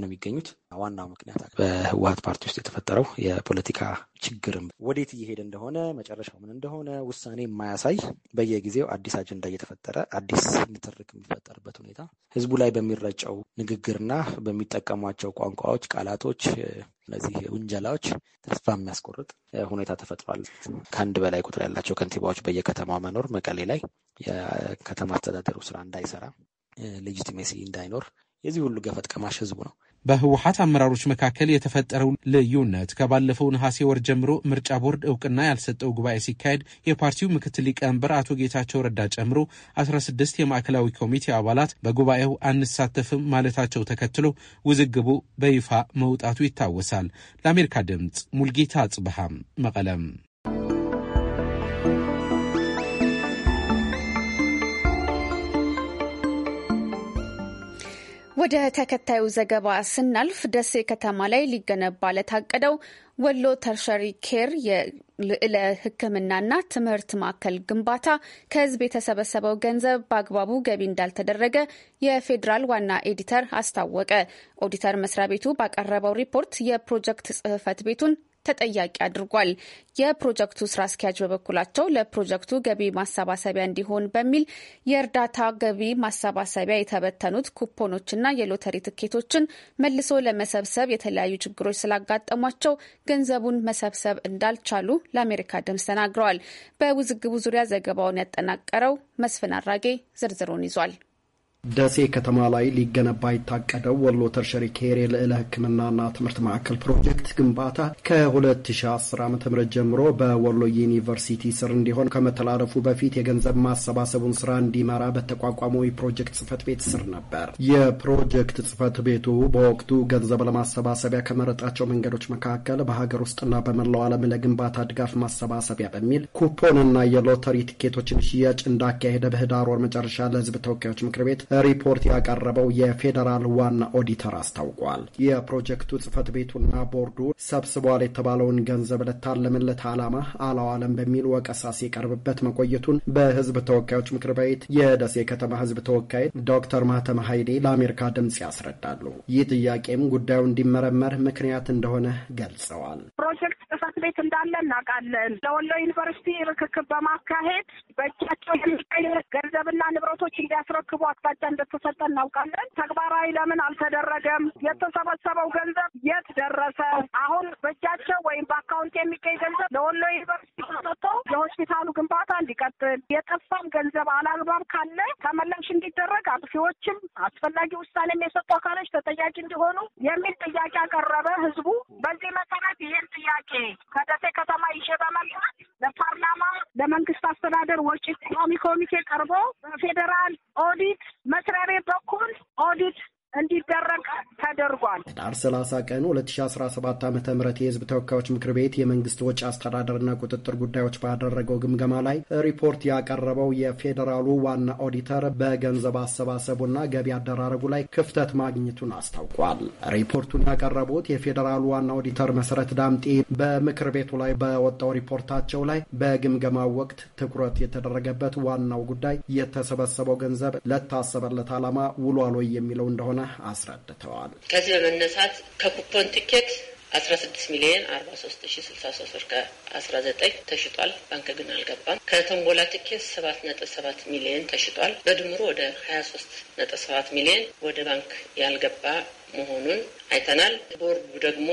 ነው የሚገኙት። ዋናው ምክንያት በህወሀት ፓርቲ ውስጥ የተፈጠረው የፖለቲካ ችግርም ወዴት እየሄደ እንደሆነ መጨረሻው ምን እንደሆነ ውሳኔ የማያሳይ በየጊዜው አዲስ አጀንዳ እየተፈጠረ አዲስ ንትርክ የሚፈጠርበት ሁኔታ ህዝቡ ላይ በሚረጨው ንግግርና በሚጠቀሟቸው ቋንቋዎች፣ ቃላቶች እነዚህ ውንጀላዎች ተስፋ የሚያስቆርጥ ሁኔታ ተፈጥሯል። ከአንድ በላይ ቁጥር ያላቸው ከንቲባዎች በየከተማው መኖር መቀሌ ላይ የከተማ አስተዳደሩ ስራ እንዳይሰራ ሌጂቲሜሲ እንዳይኖር የዚህ ሁሉ ገፈት ቀማሽ ህዝቡ ነው። በህወሀት አመራሮች መካከል የተፈጠረው ልዩነት ከባለፈው ነሐሴ ወር ጀምሮ ምርጫ ቦርድ እውቅና ያልሰጠው ጉባኤ ሲካሄድ የፓርቲው ምክትል ሊቀመንበር አቶ ጌታቸው ረዳ ጨምሮ 16 የማዕከላዊ ኮሚቴ አባላት በጉባኤው አንሳተፍም ማለታቸው ተከትሎ ውዝግቡ በይፋ መውጣቱ ይታወሳል። ለአሜሪካ ድምፅ ሙልጌታ አጽብሃም መቀለም ወደ ተከታዩ ዘገባ ስናልፍ ደሴ ከተማ ላይ ሊገነባ ለታቀደው ወሎ ተርሸሪ ኬር የልዕለ ሕክምናና ትምህርት ማዕከል ግንባታ ከህዝብ የተሰበሰበው ገንዘብ በአግባቡ ገቢ እንዳልተደረገ የፌዴራል ዋና ኤዲተር አስታወቀ። ኦዲተር መስሪያ ቤቱ ባቀረበው ሪፖርት የፕሮጀክት ጽህፈት ቤቱን ተጠያቂ አድርጓል። የፕሮጀክቱ ስራ አስኪያጅ በበኩላቸው ለፕሮጀክቱ ገቢ ማሰባሰቢያ እንዲሆን በሚል የእርዳታ ገቢ ማሰባሰቢያ የተበተኑት ኩፖኖችና የሎተሪ ትኬቶችን መልሶ ለመሰብሰብ የተለያዩ ችግሮች ስላጋጠሟቸው ገንዘቡን መሰብሰብ እንዳልቻሉ ለአሜሪካ ድምፅ ተናግረዋል። በውዝግቡ ዙሪያ ዘገባውን ያጠናቀረው መስፍን አራጌ ዝርዝሩን ይዟል። ደሴ ከተማ ላይ ሊገነባ የታቀደው ወሎ ተርሸሪ ኬር የልዕለ ሕክምናና ትምህርት ማዕከል ፕሮጀክት ግንባታ ከ2010 ዓ ም ጀምሮ በወሎ ዩኒቨርሲቲ ስር እንዲሆን ከመተላለፉ በፊት የገንዘብ ማሰባሰቡን ስራ እንዲመራ በተቋቋመው የፕሮጀክት ጽፈት ቤት ስር ነበር። የፕሮጀክት ጽፈት ቤቱ በወቅቱ ገንዘብ ለማሰባሰቢያ ከመረጣቸው መንገዶች መካከል በሀገር ውስጥና በመላው ዓለም ለግንባታ ድጋፍ ማሰባሰቢያ በሚል ኩፖንና የሎተሪ ትኬቶችን ሽያጭ እንዳካሄደ በህዳር ወር መጨረሻ ለህዝብ ተወካዮች ምክር ቤት ሪፖርት ያቀረበው የፌዴራል ዋና ኦዲተር አስታውቋል። የፕሮጀክቱ ጽህፈት ቤቱና ቦርዱ ሰብስቧል የተባለውን ገንዘብ ለታለመለት ዓላማ አላዋለም በሚል ወቀሳ ሲቀርብበት መቆየቱን በህዝብ ተወካዮች ምክር ቤት የደሴ ከተማ ህዝብ ተወካይ ዶክተር ማህተመ ኃይሌ ለአሜሪካ ድምፅ ያስረዳሉ። ይህ ጥያቄም ጉዳዩ እንዲመረመር ምክንያት እንደሆነ ገልጸዋል። ፕሮጀክት ቤት እንዳለ እናውቃለን። ለወሎ ዩኒቨርሲቲ ርክክብ በማካሄድ በእጃቸው የሚገኝ ገንዘብና ንብረቶች እንዲያስረክቡ አቅጣጫ እንደተሰጠ እናውቃለን። ተግባራዊ ለምን አልተደረገም? የተሰበሰበው ገንዘብ የት ደረሰ? አሁን በእጃቸው ወይም በአካውንት የሚገኝ ገንዘብ ለወሎ ዩኒቨርሲቲ ተሰጥቶ የሆስፒታሉ ግንባታ እንዲቀጥል፣ የጠፋም ገንዘብ አላግባብ ካለ ተመላሽ እንዲደረግ፣ አጥፊዎችም አስፈላጊ ውሳኔ የሰጡ አካሎች ተጠያቂ እንዲሆኑ የሚል ጥያቄ አቀረበ ህዝቡ። በዚህ መሰረት ይህን ጥያቄ ከደሴ ከተማ ይዤ በመምጣት ለፓርላማ ለመንግስት አስተዳደር ወጪ ቋሚ ኮሚቴ ቀርቦ በፌዴራል ኦዲት መስሪያ ቤት በኩል ኦዲት እንዲደረግ ተደርጓል። ህዳር 30 ቀን 2017 ዓ ም የህዝብ ተወካዮች ምክር ቤት የመንግስት ወጪ አስተዳደርና ቁጥጥር ጉዳዮች ባደረገው ግምገማ ላይ ሪፖርት ያቀረበው የፌዴራሉ ዋና ኦዲተር በገንዘብ አሰባሰቡና ገቢ አደራረጉ ላይ ክፍተት ማግኘቱን አስታውቋል። ሪፖርቱን ያቀረቡት የፌዴራሉ ዋና ኦዲተር መሰረት ዳምጤ በምክር ቤቱ ላይ በወጣው ሪፖርታቸው ላይ በግምገማው ወቅት ትኩረት የተደረገበት ዋናው ጉዳይ የተሰበሰበው ገንዘብ ለታሰበለት ዓላማ ውሏል ወይ የሚለው እንደሆነ አስረድተዋል። ከዚህ በመነሳት ከኩፖን ትኬት 16 ሚሊዮን 43063 ብር ከ19 ተሽጧል። ባንክ ግን አልገባም። ከተንቦላ ትኬት 7.7 ሚሊዮን ተሽጧል። በድምሩ ወደ 23.7 ሚሊዮን ወደ ባንክ ያልገባ መሆኑን አይተናል። ቦርዱ ደግሞ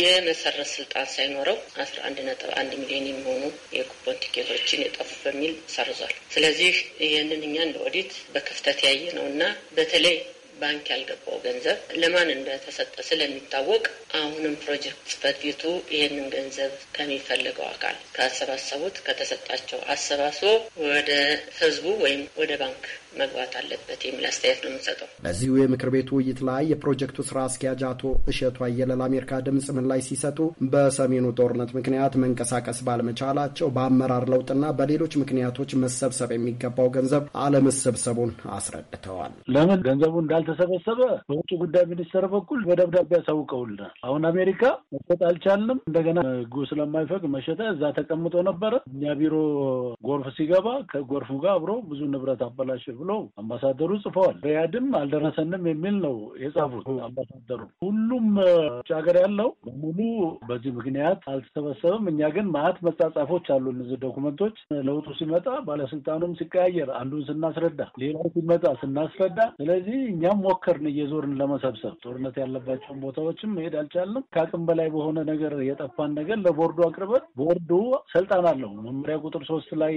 የመሰረት ስልጣን ሳይኖረው 11.1 ሚሊዮን የሚሆኑ የኩፖን ቲኬቶችን የጠፉ በሚል ሰርዟል። ስለዚህ ይህንን እኛ እንደ ኦዲት በክፍተት ያየ ነው እና በተለይ ባንክ ያልገባው ገንዘብ ለማን እንደተሰጠ ስለሚታወቅ አሁንም ፕሮጀክት ጽህፈት ቤቱ ይህንን ገንዘብ ከሚፈልገው አካል ካሰባሰቡት ከተሰጣቸው አሰባስቦ ወደ ህዝቡ ወይም ወደ ባንክ መግባት አለበት የሚል አስተያየት ነው የምንሰጠው። በዚሁ የምክር ቤት ውይይት ላይ የፕሮጀክቱ ስራ አስኪያጅ አቶ እሸቱ አየለ ለአሜሪካ ድምፅ ምላሽ ሲሰጡ በሰሜኑ ጦርነት ምክንያት መንቀሳቀስ ባለመቻላቸው በአመራር ለውጥና በሌሎች ምክንያቶች መሰብሰብ የሚገባው ገንዘብ አለመሰብሰቡን አስረድተዋል። ለምን ገንዘቡ እንዳልተሰበሰበ በውጭ ጉዳይ ሚኒስቴር በኩል በደብዳቤ ያሳውቀውልናል። አሁን አሜሪካ መሸጥ አልቻልንም፣ እንደገና ህጉ ስለማይፈቅ መሸጠ እዛ ተቀምጦ ነበረ። እኛ ቢሮ ጎርፍ ሲገባ ከጎርፉ ጋር አብሮ ብዙ ንብረት አበላሽ ብሎ ብለው አምባሳደሩ ጽፈዋል። ሪያድም አልደረሰንም የሚል ነው የጻፉት አምባሳደሩ። ሁሉም ውጭ ሀገር ያለው በሙሉ በዚህ ምክንያት አልተሰበሰብም። እኛ ግን ማአት መጻጻፎች አሉ። እነዚህ ዶኩመንቶች ለውጡ ሲመጣ ባለስልጣኑም ሲቀያየር፣ አንዱን ስናስረዳ፣ ሌላው ሲመጣ ስናስረዳ፣ ስለዚህ እኛም ሞከርን እየዞርን ለመሰብሰብ ጦርነት ያለባቸውን ቦታዎችም መሄድ አልቻለም። ከአቅም በላይ በሆነ ነገር የጠፋን ነገር ለቦርዱ አቅርበት ቦርዱ ስልጣን አለው መመሪያ ቁጥር ሶስት ላይ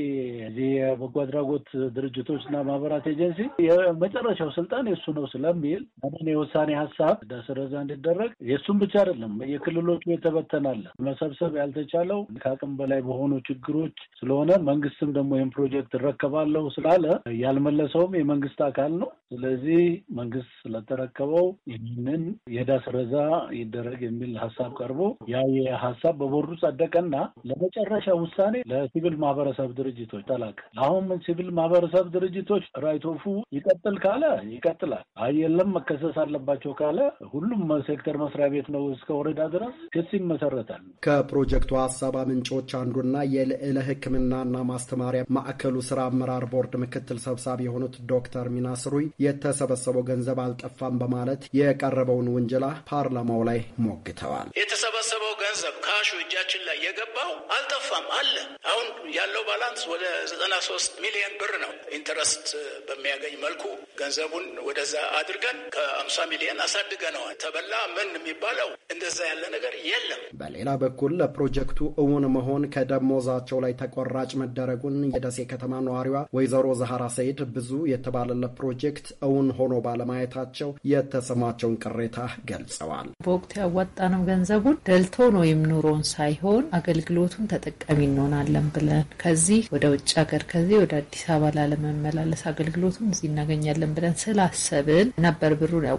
የበጎ አድራጎት ድርጅቶች እና ማህበር ማህበራት ኤጀንሲ የመጨረሻው ስልጣን የእሱ ነው ስለሚል ያንን የውሳኔ ሀሳብ ዳስረዛ እንዲደረግ የእሱም ብቻ አይደለም የክልሎቹ የተበተናለ መሰብሰብ ያልተቻለው ከአቅም በላይ በሆኑ ችግሮች ስለሆነ መንግስትም ደግሞ ይህን ፕሮጀክት እረከባለሁ ስላለ ያልመለሰውም የመንግስት አካል ነው። ስለዚህ መንግስት ስለተረከበው ይህንን የዳስረዛ ይደረግ የሚል ሀሳብ ቀርቦ ያ የሀሳብ በቦርዱ ጸደቀና ለመጨረሻ ውሳኔ ለሲቪል ማህበረሰብ ድርጅቶች ተላከ። አሁን ሲቪል ማህበረሰብ ድርጅቶች ራይት ኦፉ ይቀጥል ካለ ይቀጥላል። አይ የለም መከሰስ አለባቸው ካለ ሁሉም ሴክተር መስሪያ ቤት ነው እስከ ወረዳ ድረስ ክስ ይመሰረታል። ከፕሮጀክቱ ሀሳብ ምንጮች አንዱና የልዕለ ሕክምናና ማስተማሪያ ማዕከሉ ስራ አመራር ቦርድ ምክትል ሰብሳቢ የሆኑት ዶክተር ሚናስሩይ የተሰበሰበው ገንዘብ አልጠፋም በማለት የቀረበውን ውንጀላ ፓርላማው ላይ ሞግተዋል። የተሰበሰበው ገንዘብ ካሹ እጃችን ላይ የገባው አልጠፋም አለ። አሁን ያለው ባላንስ ወደ ዘጠና ሶስት ሚሊዮን ብር ነው ኢንተረስት በሚያገኝ መልኩ ገንዘቡን ወደዛ አድርገን ከአምሳ ሚሊዮን አሳድገነዋል። ተበላ ምን የሚባለው እንደዛ ያለ ነገር የለም። በሌላ በኩል ለፕሮጀክቱ እውን መሆን ከደሞዛቸው ላይ ተቆራጭ መደረጉን የደሴ ከተማ ነዋሪዋ ወይዘሮ ዛሃራ ሰይድ ብዙ የተባለለት ፕሮጀክት እውን ሆኖ ባለማየታቸው የተሰማቸውን ቅሬታ ገልጸዋል። በወቅቱ ያዋጣነው ገንዘቡን ደልቶ ነው የምኖረውን ሳይሆን አገልግሎቱን ተጠቃሚ እንሆናለን ብለን ከዚህ ወደ ውጭ ሀገር ከዚህ ወደ አዲስ አበባ ላለመመላለስ አገልግሎቱን እዚህ እናገኛለን ብለን ስላሰብን ነበር ብሩን ነው።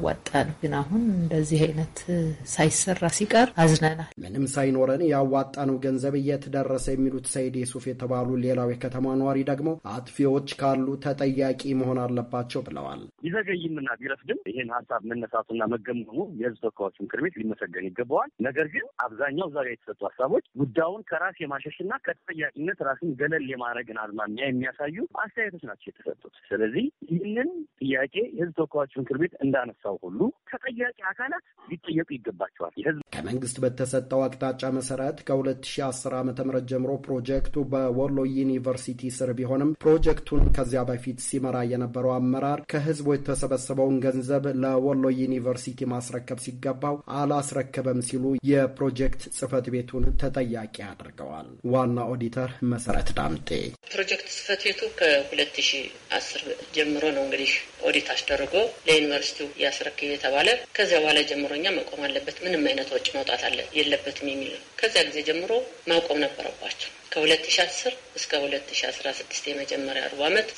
ግን አሁን እንደዚህ አይነት ሳይሰራ ሲቀር አዝነናል። ምንም ሳይኖረን ነው ገንዘብ የት ደረሰ? የሚሉት ሰይድ የሱፍ የተባሉ ሌላው የከተማ ነዋሪ ደግሞ አጥፊዎች ካሉ ተጠያቂ መሆን አለባቸው ብለዋል። ቢዘገይምና ቢረፍድም ይህን ሀሳብ መነሳቱና መገምገሙ የህዝብ ተወካዮች ምክር ቤት ሊመሰገን ይገባዋል። ነገር ግን አብዛኛው ዛሬ የተሰጡ ሀሳቦች ጉዳዩን ከራስ የማሸሽና ከተጠያቂነት ራስን ገለል የማድረግን አዝማሚያ የሚያሳዩ አስተያየቶች ናቸው የተሰጡት። ስለዚህ ይህንን ጥያቄ የህዝብ ተወካዮች ምክር ቤት እንዳነሳው ሁሉ ተጠያቂ አካላት ሊጠየቁ ይገባቸዋል። የህዝብ ከመንግስት በተሰጠው አቅጣጫ መሰረት ከ2010 ዓ ም ጀምሮ ፕሮጀክቱ በወሎ ዩኒቨርሲቲ ስር ቢሆንም ፕሮጀክቱን ከዚያ በፊት ሲመራ የነበረው አመራር ከህዝቡ የተሰበሰበውን ገንዘብ ለወሎ ዩኒቨርሲቲ ማስረከብ ሲገባው አላስረከበም ሲሉ የፕሮጀክት ጽህፈት ቤቱን ተጠያቂ አድርገዋል። ዋና ኦዲተር መሰረት ዳምጤ ፕሮጀክት ጽህፈት ቤቱ ከ2010 አስር ጀምሮ ነው እንግዲህ ኦዲት አስደርጎ ለዩኒቨርሲቲው ያስረክብ የተባለ ከዚያ በኋላ ጀምሮ እኛ መቆም አለበት፣ ምንም አይነት ወጪ መውጣት አለ የለበትም የሚል ነው። ከዚያ ጊዜ ጀምሮ ማቆም ነበረባቸው። ከ2010 እስከ 2016 የመጀመሪያ አርባ ዓመት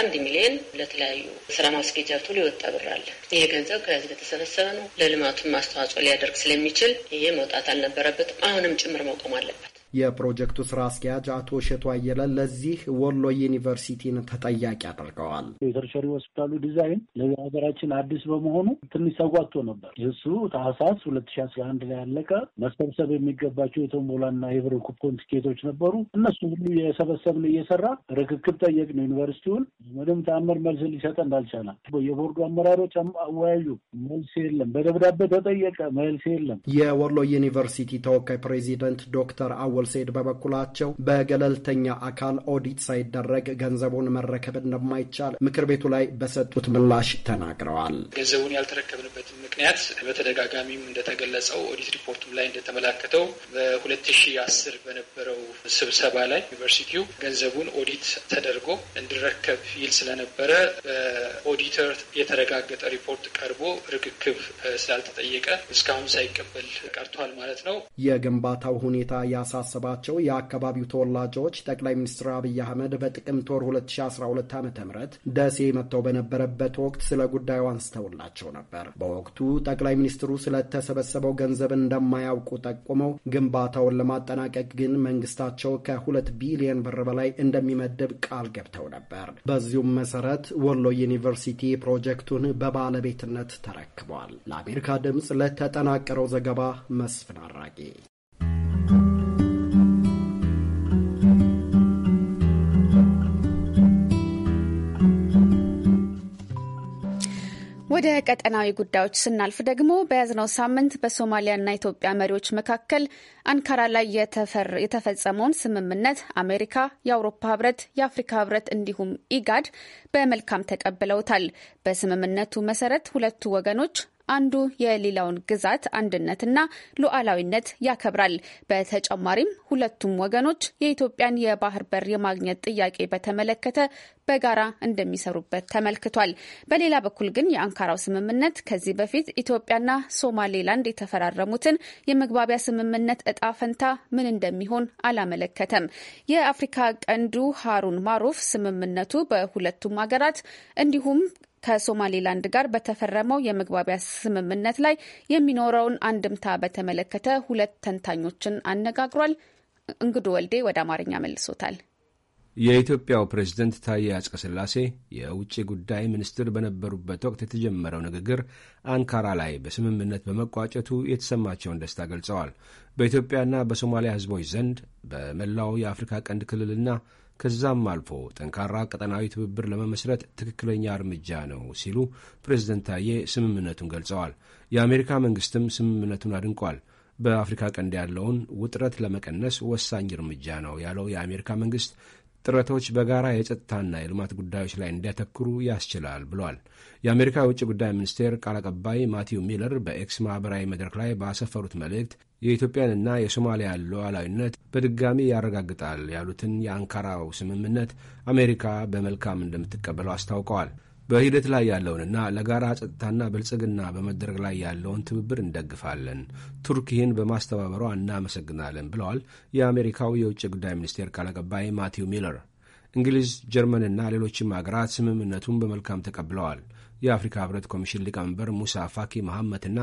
አንድ ሚሊዮን ለተለያዩ ስራ ማስጌጃ ቱል ይወጣ ብር አለ። ይህ ገንዘብ ከህዝብ የተሰበሰበ ነው። ለልማቱን አስተዋጽኦ ሊያደርግ ስለሚችል ይሄ መውጣት አልነበረበትም። አሁንም ጭምር መቆም አለበት። የፕሮጀክቱ ስራ አስኪያጅ አቶ እሸቱ አየለ ለዚህ ወሎ ዩኒቨርሲቲን ተጠያቂ አድርገዋል። የተርሸሪ ሆስፒታሉ ዲዛይን ለሀገራችን አዲስ በመሆኑ ትንሽ ተጓቶ ነበር። እሱ ታህሳስ ሁለት ሺ አስራ አንድ ላይ ያለቀ መሰብሰብ የሚገባቸው የቶምቦላና የብር ኩፖን ትኬቶች ነበሩ። እነሱ ሁሉ የሰበሰብን እየሰራ ርክክብ ጠየቅነው ዩኒቨርሲቲውን። ምንም ተአምር መልስ ሊሰጠ እንዳልቻለ የቦርዱ አመራሮች አወያዩ። መልስ የለም። በደብዳቤ ተጠየቀ፣ መልስ የለም። የወሎ ዩኒቨርሲቲ ተወካይ ፕሬዚደንት ዶክተር አወ ወልሴድ በበኩላቸው በገለልተኛ አካል ኦዲት ሳይደረግ ገንዘቡን መረከብ እንደማይቻል ምክር ቤቱ ላይ በሰጡት ምላሽ ተናግረዋል። ገንዘቡን ያልተረከብንበት ምክንያት በተደጋጋሚም እንደተገለጸው ኦዲት ሪፖርቱም ላይ እንደተመላከተው በ2010 በነበረው ስብሰባ ላይ ዩኒቨርሲቲው ገንዘቡን ኦዲት ተደርጎ እንዲረከብ ይል ስለነበረ በኦዲተር የተረጋገጠ ሪፖርት ቀርቦ ርክክብ ስላልተጠየቀ እስካሁን ሳይቀበል ቀርቷል ማለት ነው። የግንባታው ሁኔታ ያሳ ያሰባሰባቸው የአካባቢው ተወላጆች ጠቅላይ ሚኒስትር አብይ አህመድ በጥቅምት ወር 2012 ዓ ም ደሴ መጥተው በነበረበት ወቅት ስለ ጉዳዩ አንስተውላቸው ነበር። በወቅቱ ጠቅላይ ሚኒስትሩ ስለተሰበሰበው ገንዘብ እንደማያውቁ ጠቁመው ግንባታውን ለማጠናቀቅ ግን መንግስታቸው ከ2 ቢሊዮን ብር በላይ እንደሚመድብ ቃል ገብተው ነበር። በዚሁም መሰረት ወሎ ዩኒቨርሲቲ ፕሮጀክቱን በባለቤትነት ተረክቧል። ለአሜሪካ ድምፅ ለተጠናቀረው ዘገባ መስፍን አራጌ ወደ ቀጠናዊ ጉዳዮች ስናልፍ ደግሞ በያዝነው ሳምንት በሶማሊያና ኢትዮጵያ መሪዎች መካከል አንካራ ላይ የተፈጸመውን ስምምነት አሜሪካ፣ የአውሮፓ ህብረት፣ የአፍሪካ ህብረት እንዲሁም ኢጋድ በመልካም ተቀብለውታል። በስምምነቱ መሰረት ሁለቱ ወገኖች አንዱ የሌላውን ግዛት አንድነትና ሉዓላዊነት ያከብራል። በተጨማሪም ሁለቱም ወገኖች የኢትዮጵያን የባህር በር የማግኘት ጥያቄ በተመለከተ በጋራ እንደሚሰሩበት ተመልክቷል። በሌላ በኩል ግን የአንካራው ስምምነት ከዚህ በፊት ኢትዮጵያና ሶማሌላንድ የተፈራረሙትን የመግባቢያ ስምምነት እጣ ፈንታ ምን እንደሚሆን አላመለከተም። የአፍሪካ ቀንዱ ሀሩን ማሩፍ ስምምነቱ በሁለቱም ሀገራት እንዲሁም ከሶማሌላንድ ጋር በተፈረመው የመግባቢያ ስምምነት ላይ የሚኖረውን አንድምታ በተመለከተ ሁለት ተንታኞችን አነጋግሯል። እንግዱ ወልዴ ወደ አማርኛ መልሶታል። የኢትዮጵያው ፕሬዝደንት ታዬ አጽቀሥላሴ የውጭ ጉዳይ ሚኒስትር በነበሩበት ወቅት የተጀመረው ንግግር አንካራ ላይ በስምምነት በመቋጨቱ የተሰማቸውን ደስታ ገልጸዋል። በኢትዮጵያና በሶማሊያ ሕዝቦች ዘንድ በመላው የአፍሪካ ቀንድ ክልልና ከዛም አልፎ ጠንካራ ቀጠናዊ ትብብር ለመመስረት ትክክለኛ እርምጃ ነው ሲሉ ፕሬዝደንት ታዬ ስምምነቱን ገልጸዋል። የአሜሪካ መንግስትም ስምምነቱን አድንቋል። በአፍሪካ ቀንድ ያለውን ውጥረት ለመቀነስ ወሳኝ እርምጃ ነው ያለው የአሜሪካ መንግስት ጥረቶች በጋራ የጸጥታና የልማት ጉዳዮች ላይ እንዲያተክሩ ያስችላል ብሏል። የአሜሪካ የውጭ ጉዳይ ሚኒስቴር ቃል አቀባይ ማቲው ሚለር በኤክስ ማኅበራዊ መድረክ ላይ ባሰፈሩት መልእክት የኢትዮጵያንና የሶማሊያ ሉዓላዊነት በድጋሚ ያረጋግጣል ያሉትን የአንካራው ስምምነት አሜሪካ በመልካም እንደምትቀበለው አስታውቀዋል። በሂደት ላይ ያለውንና ለጋራ ጸጥታና ብልጽግና በመደረግ ላይ ያለውን ትብብር እንደግፋለን። ቱርክ ይህን በማስተባበሯ እናመሰግናለን ብለዋል የአሜሪካው የውጭ ጉዳይ ሚኒስቴር ቃል አቀባይ ማቲው ሚለር። እንግሊዝ፣ ጀርመንና ሌሎችም አገራት ስምምነቱን በመልካም ተቀብለዋል። የአፍሪካ ህብረት ኮሚሽን ሊቀመንበር ሙሳ ፋኪ መሐመትና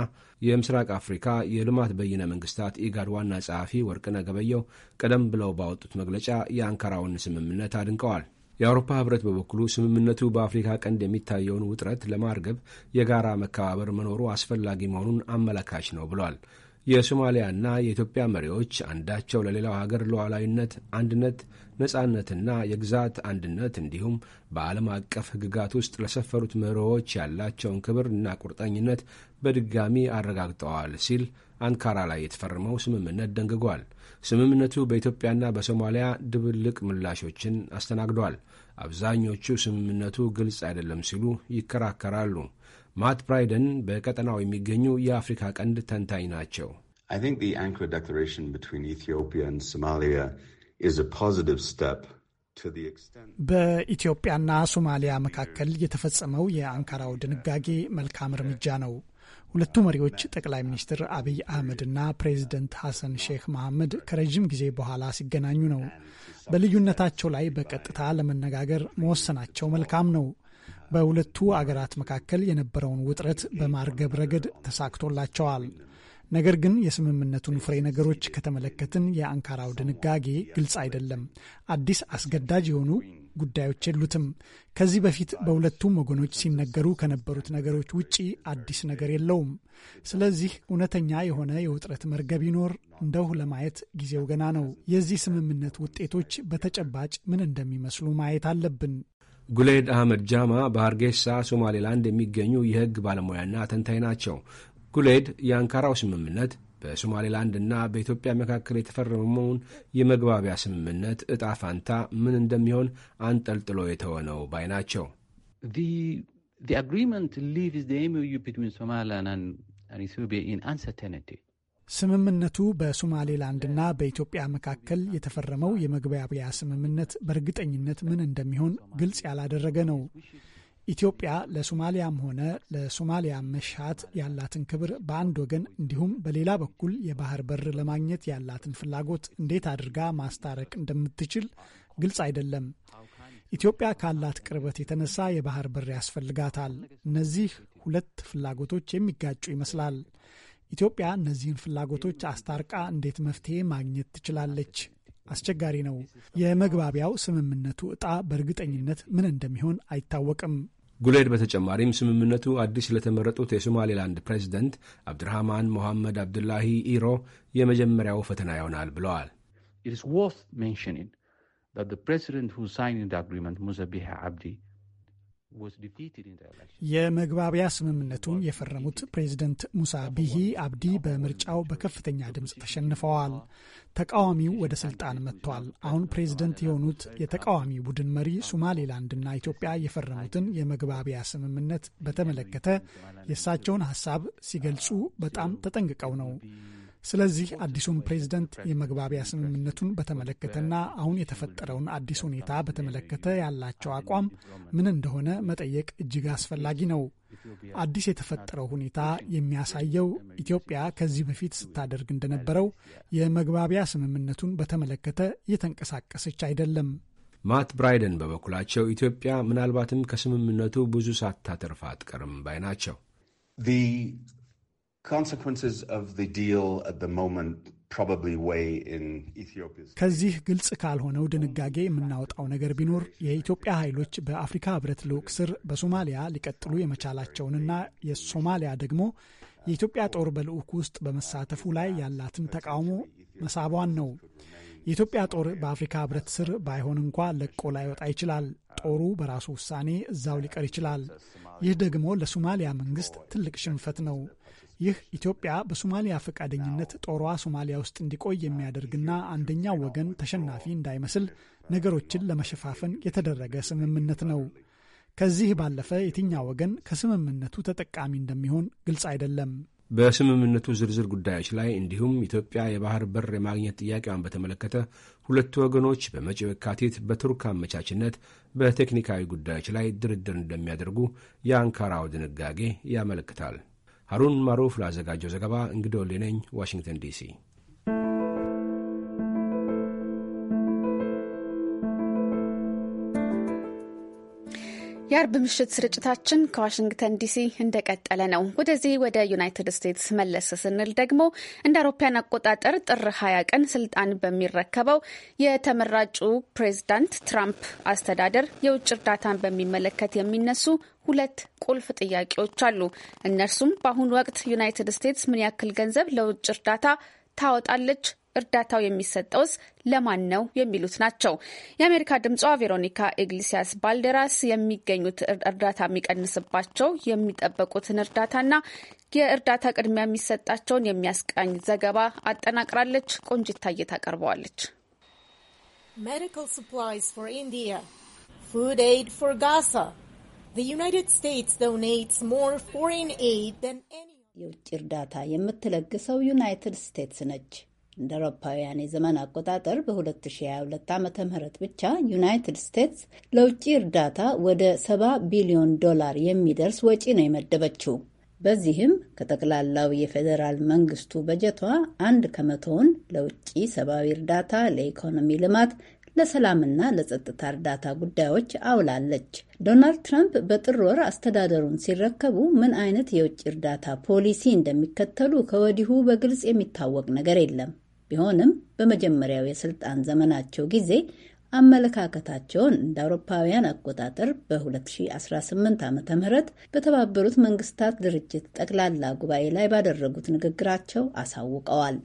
የምስራቅ አፍሪካ የልማት በይነ መንግስታት ኢጋድ ዋና ጸሐፊ ወርቅነህ ገበየሁ ቀደም ብለው ባወጡት መግለጫ የአንካራውን ስምምነት አድንቀዋል። የአውሮፓ ህብረት በበኩሉ ስምምነቱ በአፍሪካ ቀንድ የሚታየውን ውጥረት ለማርገብ የጋራ መከባበር መኖሩ አስፈላጊ መሆኑን አመላካች ነው ብሏል። የሶማሊያና የኢትዮጵያ መሪዎች አንዳቸው ለሌላው ሀገር ሉዓላዊነት፣ አንድነት፣ ነጻነትና የግዛት አንድነት እንዲሁም በዓለም አቀፍ ህግጋት ውስጥ ለሰፈሩት መርሆዎች ያላቸውን ክብር እና ቁርጠኝነት በድጋሚ አረጋግጠዋል ሲል አንካራ ላይ የተፈረመው ስምምነት ደንግጓል። ስምምነቱ በኢትዮጵያና በሶማሊያ ድብልቅ ምላሾችን አስተናግደዋል። አብዛኞቹ ስምምነቱ ግልጽ አይደለም ሲሉ ይከራከራሉ። ማት ብራይደን በቀጠናው የሚገኙ የአፍሪካ ቀንድ ተንታኝ ናቸው። በኢትዮጵያና ሶማሊያ መካከል የተፈጸመው የአንካራው ድንጋጌ መልካም እርምጃ ነው። ሁለቱ መሪዎች ጠቅላይ ሚኒስትር አብይ እና ፕሬዚደንት ሐሰን ሼክ መሐመድ ከረዥም ጊዜ በኋላ ሲገናኙ ነው። በልዩነታቸው ላይ በቀጥታ ለመነጋገር መወሰናቸው መልካም ነው። በሁለቱ አገራት መካከል የነበረውን ውጥረት በማርገብ ረገድ ተሳክቶላቸዋል። ነገር ግን የስምምነቱን ፍሬ ነገሮች ከተመለከትን የአንካራው ድንጋጌ ግልጽ አይደለም። አዲስ አስገዳጅ የሆኑ ጉዳዮች የሉትም። ከዚህ በፊት በሁለቱም ወገኖች ሲነገሩ ከነበሩት ነገሮች ውጪ አዲስ ነገር የለውም። ስለዚህ እውነተኛ የሆነ የውጥረት መርገብ ይኖር እንደው ለማየት ጊዜው ገና ነው። የዚህ ስምምነት ውጤቶች በተጨባጭ ምን እንደሚመስሉ ማየት አለብን። ጉሌድ አህመድ ጃማ በሃርጌሳ ሶማሌላንድ የሚገኙ የህግ ባለሙያና ተንታኝ ናቸው። ጉሌድ የአንካራው ስምምነት በሶማሌላንድ እና በኢትዮጵያ መካከል የተፈረመውን የመግባቢያ ስምምነት እጣ ፋንታ ምን እንደሚሆን አንጠልጥሎ የተወ ነው ባይ ናቸው። ስምምነቱ በሶማሌላንድና በኢትዮጵያ መካከል የተፈረመው የመግባቢያ ስምምነት በእርግጠኝነት ምን እንደሚሆን ግልጽ ያላደረገ ነው። ኢትዮጵያ ለሶማሊያም ሆነ ለሶማሊያ መሻት ያላትን ክብር በአንድ ወገን እንዲሁም በሌላ በኩል የባህር በር ለማግኘት ያላትን ፍላጎት እንዴት አድርጋ ማስታረቅ እንደምትችል ግልጽ አይደለም። ኢትዮጵያ ካላት ቅርበት የተነሳ የባህር በር ያስፈልጋታል። እነዚህ ሁለት ፍላጎቶች የሚጋጩ ይመስላል። ኢትዮጵያ እነዚህን ፍላጎቶች አስታርቃ እንዴት መፍትሄ ማግኘት ትችላለች? አስቸጋሪ ነው። የመግባቢያው ስምምነቱ ዕጣ በእርግጠኝነት ምን እንደሚሆን አይታወቅም። ጉሌድ በተጨማሪም ስምምነቱ አዲስ ለተመረጡት የሶማሌላንድ ፕሬዚደንት አብድርሃማን ሞሐመድ አብዱላሂ ኢሮ የመጀመሪያው ፈተና ይሆናል ብለዋል። ኢትስ ወርዝ ሜንሽኒንግ ዛት ፕሬዚደንት ሁ ሳይንድ አግሪመንት ሙሳ ቢሂ አብዲ የመግባቢያ ስምምነቱን የፈረሙት ፕሬዚደንት ሙሳ ቢሂ አብዲ በምርጫው በከፍተኛ ድምፅ ተሸንፈዋል። ተቃዋሚው ወደ ስልጣን መጥቷል። አሁን ፕሬዚደንት የሆኑት የተቃዋሚ ቡድን መሪ ሶማሌላንድና ኢትዮጵያ የፈረሙትን የመግባቢያ ስምምነት በተመለከተ የእሳቸውን ሀሳብ ሲገልጹ በጣም ተጠንቅቀው ነው። ስለዚህ አዲሱን ፕሬዝደንት የመግባቢያ ስምምነቱን በተመለከተና አሁን የተፈጠረውን አዲስ ሁኔታ በተመለከተ ያላቸው አቋም ምን እንደሆነ መጠየቅ እጅግ አስፈላጊ ነው። አዲስ የተፈጠረው ሁኔታ የሚያሳየው ኢትዮጵያ ከዚህ በፊት ስታደርግ እንደነበረው የመግባቢያ ስምምነቱን በተመለከተ እየተንቀሳቀሰች አይደለም። ማት ብራይደን በበኩላቸው ኢትዮጵያ ምናልባትም ከስምምነቱ ብዙ ሳታተርፍ አትቀርም ባይ ናቸው። ከዚህ ግልጽ ካልሆነው ድንጋጌ የምናወጣው ነገር ቢኖር የኢትዮጵያ ኃይሎች በአፍሪካ ሕብረት ልዑክ ስር በሶማሊያ ሊቀጥሉ የመቻላቸውንና የሶማሊያ ደግሞ የኢትዮጵያ ጦር በልዑክ ውስጥ በመሳተፉ ላይ ያላትን ተቃውሞ መሳቧን ነው። የኢትዮጵያ ጦር በአፍሪካ ሕብረት ስር ባይሆን እንኳ ለቆ ላይወጣ ይችላል። ጦሩ በራሱ ውሳኔ እዛው ሊቀር ይችላል። ይህ ደግሞ ለሶማሊያ መንግስት ትልቅ ሽንፈት ነው። ይህ ኢትዮጵያ በሶማሊያ ፈቃደኝነት ጦሯ ሶማሊያ ውስጥ እንዲቆይ የሚያደርግና አንደኛው ወገን ተሸናፊ እንዳይመስል ነገሮችን ለመሸፋፈን የተደረገ ስምምነት ነው። ከዚህ ባለፈ የትኛው ወገን ከስምምነቱ ተጠቃሚ እንደሚሆን ግልጽ አይደለም። በስምምነቱ ዝርዝር ጉዳዮች ላይ እንዲሁም ኢትዮጵያ የባህር በር የማግኘት ጥያቄዋን በተመለከተ ሁለቱ ወገኖች በመጪው የካቲት በቱርክ አመቻችነት በቴክኒካዊ ጉዳዮች ላይ ድርድር እንደሚያደርጉ የአንካራው ድንጋጌ ያመለክታል። ሀሩን ማሩፍ ለአዘጋጀው ዘገባ እንግዶ ሌነኝ ዋሽንግተን ዲሲ የአርብ ምሽት ስርጭታችን ከዋሽንግተን ዲሲ እንደቀጠለ ነው። ወደዚህ ወደ ዩናይትድ ስቴትስ መለስ ስንል ደግሞ እንደ አውሮፓያን አቆጣጠር ጥር 20 ቀን ስልጣን በሚረከበው የተመራጩ ፕሬዚዳንት ትራምፕ አስተዳደር የውጭ እርዳታን በሚመለከት የሚነሱ ሁለት ቁልፍ ጥያቄዎች አሉ። እነርሱም በአሁኑ ወቅት ዩናይትድ ስቴትስ ምን ያክል ገንዘብ ለውጭ እርዳታ ታወጣለች እርዳታው የሚሰጠውስ ለማን ነው የሚሉት ናቸው። የአሜሪካ ድምጿ ቬሮኒካ ኤግሊሲያስ ባልደራስ የሚገኙት እርዳታ የሚቀንስባቸው የሚጠበቁትን እርዳታና የእርዳታ ቅድሚያ የሚሰጣቸውን የሚያስቃኝ ዘገባ አጠናቅራለች። ቆንጅታ ታቀርበዋለች። Medical supplies for India, food aid for Gaza. The United States donates more foreign aid than any የውጭ እርዳታ የምትለግሰው ዩናይትድ ስቴትስ ነች። እንደ አውሮፓውያን የዘመን አቆጣጠር በ2022 ዓ ም ብቻ ዩናይትድ ስቴትስ ለውጭ እርዳታ ወደ 70 ቢሊዮን ዶላር የሚደርስ ወጪ ነው የመደበችው። በዚህም ከጠቅላላው የፌዴራል መንግስቱ በጀቷ አንድ ከመቶውን ለውጭ ሰብአዊ እርዳታ፣ ለኢኮኖሚ ልማት ለሰላምና ለጸጥታ እርዳታ ጉዳዮች አውላለች። ዶናልድ ትራምፕ በጥር ወር አስተዳደሩን ሲረከቡ ምን አይነት የውጭ እርዳታ ፖሊሲ እንደሚከተሉ ከወዲሁ በግልጽ የሚታወቅ ነገር የለም። ቢሆንም በመጀመሪያው የስልጣን ዘመናቸው ጊዜ አመለካከታቸውን እንደ አውሮፓውያን አቆጣጠር በ2018 ዓ ም በተባበሩት መንግስታት ድርጅት ጠቅላላ ጉባኤ ላይ ባደረጉት ንግግራቸው አሳውቀዋል።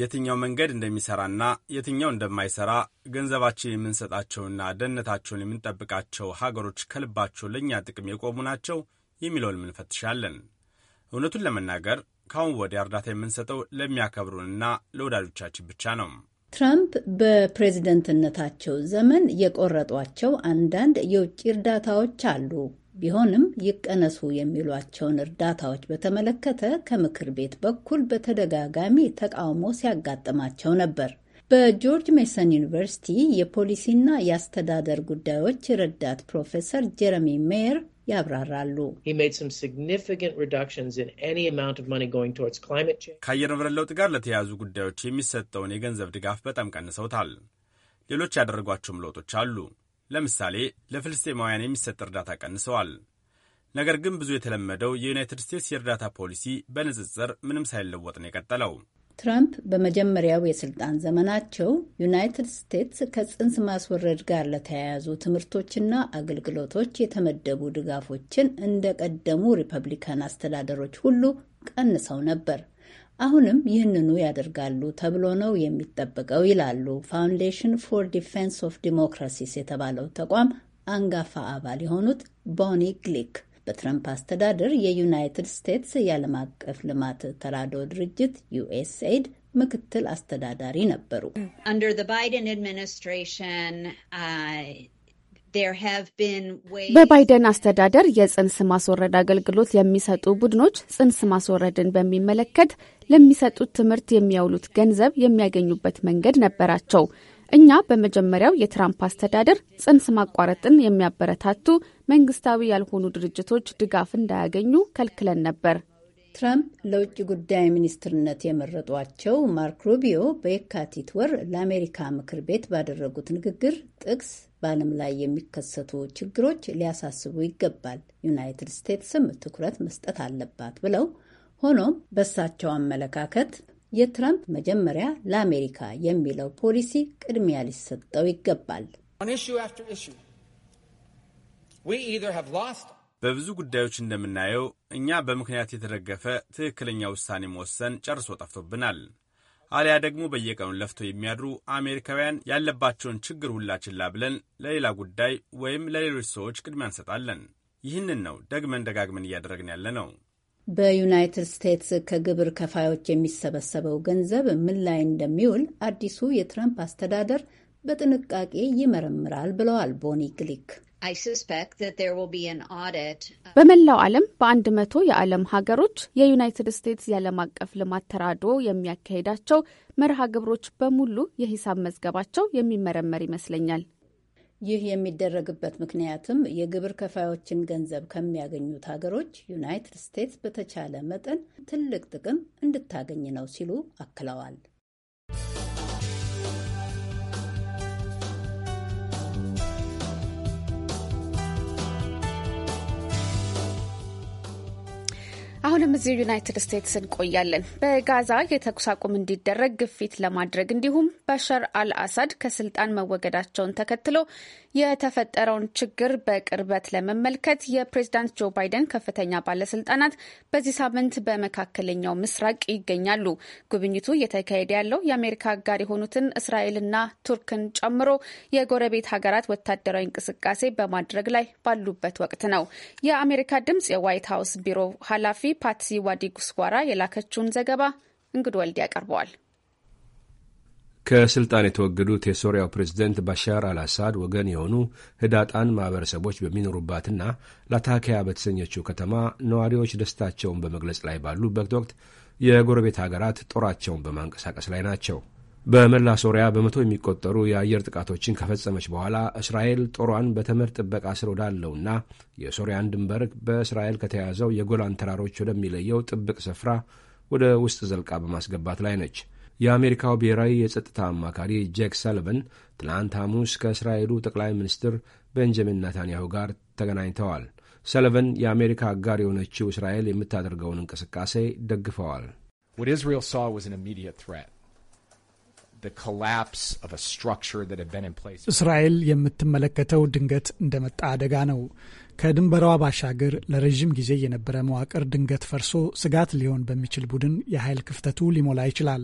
የትኛው መንገድ እንደሚሰራና የትኛው እንደማይሰራ ገንዘባችን የምንሰጣቸውና ደህንነታቸውን የምንጠብቃቸው ሀገሮች ከልባቸው ለእኛ ጥቅም የቆሙ ናቸው የሚለውን እንፈትሻለን። እውነቱን ለመናገር ከአሁን ወዲያ እርዳታ የምንሰጠው ለሚያከብሩንና ለወዳጆቻችን ብቻ ነው። ትራምፕ በፕሬዝደንትነታቸው ዘመን የቆረጧቸው አንዳንድ የውጭ እርዳታዎች አሉ። ቢሆንም ይቀነሱ የሚሏቸውን እርዳታዎች በተመለከተ ከምክር ቤት በኩል በተደጋጋሚ ተቃውሞ ሲያጋጥማቸው ነበር። በጆርጅ ሜሰን ዩኒቨርሲቲ የፖሊሲና የአስተዳደር ጉዳዮች ረዳት ፕሮፌሰር ጀረሚ ሜየር ያብራራሉ። ከአየር ንብረት ለውጥ ጋር ለተያያዙ ጉዳዮች የሚሰጠውን የገንዘብ ድጋፍ በጣም ቀንሰውታል። ሌሎች ያደረጓቸውም ለውጦች አሉ። ለምሳሌ ለፍልስጤማውያን የሚሰጥ እርዳታ ቀንሰዋል። ነገር ግን ብዙ የተለመደው የዩናይትድ ስቴትስ የእርዳታ ፖሊሲ በንጽጽር ምንም ሳይለወጥ ነው የቀጠለው። ትራምፕ በመጀመሪያው የስልጣን ዘመናቸው ዩናይትድ ስቴትስ ከጽንስ ማስወረድ ጋር ለተያያዙ ትምህርቶችና አገልግሎቶች የተመደቡ ድጋፎችን እንደ ቀደሙ ሪፐብሊካን አስተዳደሮች ሁሉ ቀንሰው ነበር። አሁንም ይህንኑ ያደርጋሉ ተብሎ ነው የሚጠበቀው ይላሉ ፋውንዴሽን ፎር ዲፌንስ ኦፍ ዲሞክራሲስ የተባለው ተቋም አንጋፋ አባል የሆኑት ቦኒ ግሊክ። በትረምፕ አስተዳደር የዩናይትድ ስቴትስ የዓለም አቀፍ ልማት ተራድኦ ድርጅት ዩኤስኤድ ምክትል አስተዳዳሪ ነበሩ። በባይደን አስተዳደር የጽንስ ማስወረድ አገልግሎት የሚሰጡ ቡድኖች ጽንስ ማስወረድን በሚመለከት ለሚሰጡት ትምህርት የሚያውሉት ገንዘብ የሚያገኙበት መንገድ ነበራቸው። እኛ በመጀመሪያው የትራምፕ አስተዳደር ጽንስ ማቋረጥን የሚያበረታቱ መንግስታዊ ያልሆኑ ድርጅቶች ድጋፍ እንዳያገኙ ከልክለን ነበር። ትራምፕ ለውጭ ጉዳይ ሚኒስትርነት የመረጧቸው ማርክ ሩቢዮ በየካቲት ወር ለአሜሪካ ምክር ቤት ባደረጉት ንግግር ጥቅስ በዓለም ላይ የሚከሰቱ ችግሮች ሊያሳስቡ ይገባል፣ ዩናይትድ ስቴትስም ትኩረት መስጠት አለባት ብለው ሆኖም በእሳቸው አመለካከት የትራምፕ መጀመሪያ ለአሜሪካ የሚለው ፖሊሲ ቅድሚያ ሊሰጠው ይገባል። በብዙ ጉዳዮች እንደምናየው እኛ በምክንያት የተደገፈ ትክክለኛ ውሳኔ መወሰን ጨርሶ ጠፍቶብናል። አሊያ ደግሞ በየቀኑ ለፍተው የሚያድሩ አሜሪካውያን ያለባቸውን ችግር ሁላ ችላ ብለን ለሌላ ጉዳይ ወይም ለሌሎች ሰዎች ቅድሚያ እንሰጣለን። ይህንን ነው ደግመን ደጋግመን እያደረግን ያለ ነው። በዩናይትድ ስቴትስ ከግብር ከፋዮች የሚሰበሰበው ገንዘብ ምን ላይ እንደሚውል አዲሱ የትራምፕ አስተዳደር በጥንቃቄ ይመረምራል ብለዋል ቦኒ ግሊክ። በመላው ዓለም በአንድ መቶ የዓለም ሀገሮች የዩናይትድ ስቴትስ የዓለም አቀፍ ልማት ተራድኦ የሚያካሄዳቸው መርሃ ግብሮች በሙሉ የሂሳብ መዝገባቸው የሚመረመር ይመስለኛል። ይህ የሚደረግበት ምክንያትም የግብር ከፋዮችን ገንዘብ ከሚያገኙት ሀገሮች ዩናይትድ ስቴትስ በተቻለ መጠን ትልቅ ጥቅም እንድታገኝ ነው ሲሉ አክለዋል። አሁንም እዚሁ ዩናይትድ ስቴትስ እንቆያለን። በጋዛ የተኩስ አቁም እንዲደረግ ግፊት ለማድረግ እንዲሁም በሻር አልአሳድ ከስልጣን መወገዳቸውን ተከትሎ የተፈጠረውን ችግር በቅርበት ለመመልከት የፕሬዚዳንት ጆ ባይደን ከፍተኛ ባለስልጣናት በዚህ ሳምንት በመካከለኛው ምስራቅ ይገኛሉ። ጉብኝቱ እየተካሄደ ያለው የአሜሪካ አጋር የሆኑትን እስራኤልና ቱርክን ጨምሮ የጎረቤት ሀገራት ወታደራዊ እንቅስቃሴ በማድረግ ላይ ባሉበት ወቅት ነው። የአሜሪካ ድምጽ የዋይት ሀውስ ቢሮ ኃላፊ ፓትሲ ዋዲጉስዋራ የላከችውን ዘገባ እንግድ ወልድ ያቀርበዋል። ከስልጣን የተወገዱት የሶሪያው ፕሬዝደንት ባሻር አልአሳድ ወገን የሆኑ ህዳጣን ማኅበረሰቦች በሚኖሩባትና ላታኪያ በተሰኘችው ከተማ ነዋሪዎች ደስታቸውን በመግለጽ ላይ ባሉበት ወቅት የጎረቤት ሀገራት ጦራቸውን በማንቀሳቀስ ላይ ናቸው። በመላ ሶሪያ በመቶ የሚቆጠሩ የአየር ጥቃቶችን ከፈጸመች በኋላ እስራኤል ጦሯን በተመድ ጥበቃ ስር ወዳለውና የሶሪያን ድንበር በእስራኤል ከተያዘው የጎላን ተራሮች ወደሚለየው ጥብቅ ስፍራ ወደ ውስጥ ዘልቃ በማስገባት ላይ ነች። የአሜሪካው ብሔራዊ የጸጥታ አማካሪ ጄክ ሰልቨን ትናንት ሐሙስ ከእስራኤሉ ጠቅላይ ሚኒስትር ቤንጃሚን ነታንያሁ ጋር ተገናኝተዋል። ሰለቨን የአሜሪካ አጋር የሆነችው እስራኤል የምታደርገውን እንቅስቃሴ ደግፈዋል። What Israel saw was an immediate threat. እስራኤል የምትመለከተው ድንገት እንደመጣ አደጋ ነው። ከድንበሯ ባሻገር ለረዥም ጊዜ የነበረ መዋቅር ድንገት ፈርሶ ስጋት ሊሆን በሚችል ቡድን የኃይል ክፍተቱ ሊሞላ ይችላል።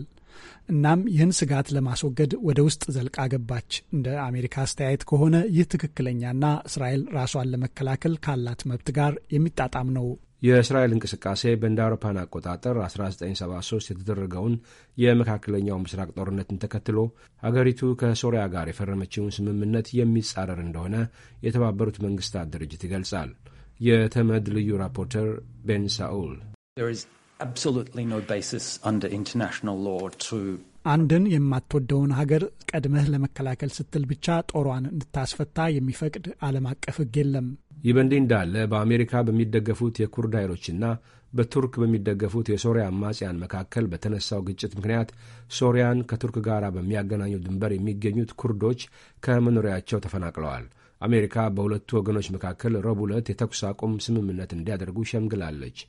እናም ይህን ስጋት ለማስወገድ ወደ ውስጥ ዘልቃ ገባች። እንደ አሜሪካ አስተያየት ከሆነ ይህ ትክክለኛና እስራኤል ራሷን ለመከላከል ካላት መብት ጋር የሚጣጣም ነው። የእስራኤል እንቅስቃሴ በእንደ አውሮፓን አቆጣጠር 1973 የተደረገውን የመካከለኛው ምስራቅ ጦርነትን ተከትሎ አገሪቱ ከሶሪያ ጋር የፈረመችውን ስምምነት የሚጻረር እንደሆነ የተባበሩት መንግስታት ድርጅት ይገልጻል። የተመድ ልዩ ራፖርተር ቤን ሳኡል አንድን የማትወደውን ሀገር ቀድመህ ለመከላከል ስትል ብቻ ጦሯን እንድታስፈታ የሚፈቅድ ዓለም አቀፍ ሕግ የለም። ይህ በእንዲህ እንዳለ በአሜሪካ በሚደገፉት የኩርድ ኃይሎችና በቱርክ በሚደገፉት የሶሪያ አማጽያን መካከል በተነሳው ግጭት ምክንያት ሶሪያን ከቱርክ ጋር በሚያገናኘው ድንበር የሚገኙት ኩርዶች ከመኖሪያቸው ተፈናቅለዋል። አሜሪካ በሁለቱ ወገኖች መካከል ረቡዕ ዕለት የተኩስ አቁም ስምምነት እንዲያደርጉ ሸምግላለች።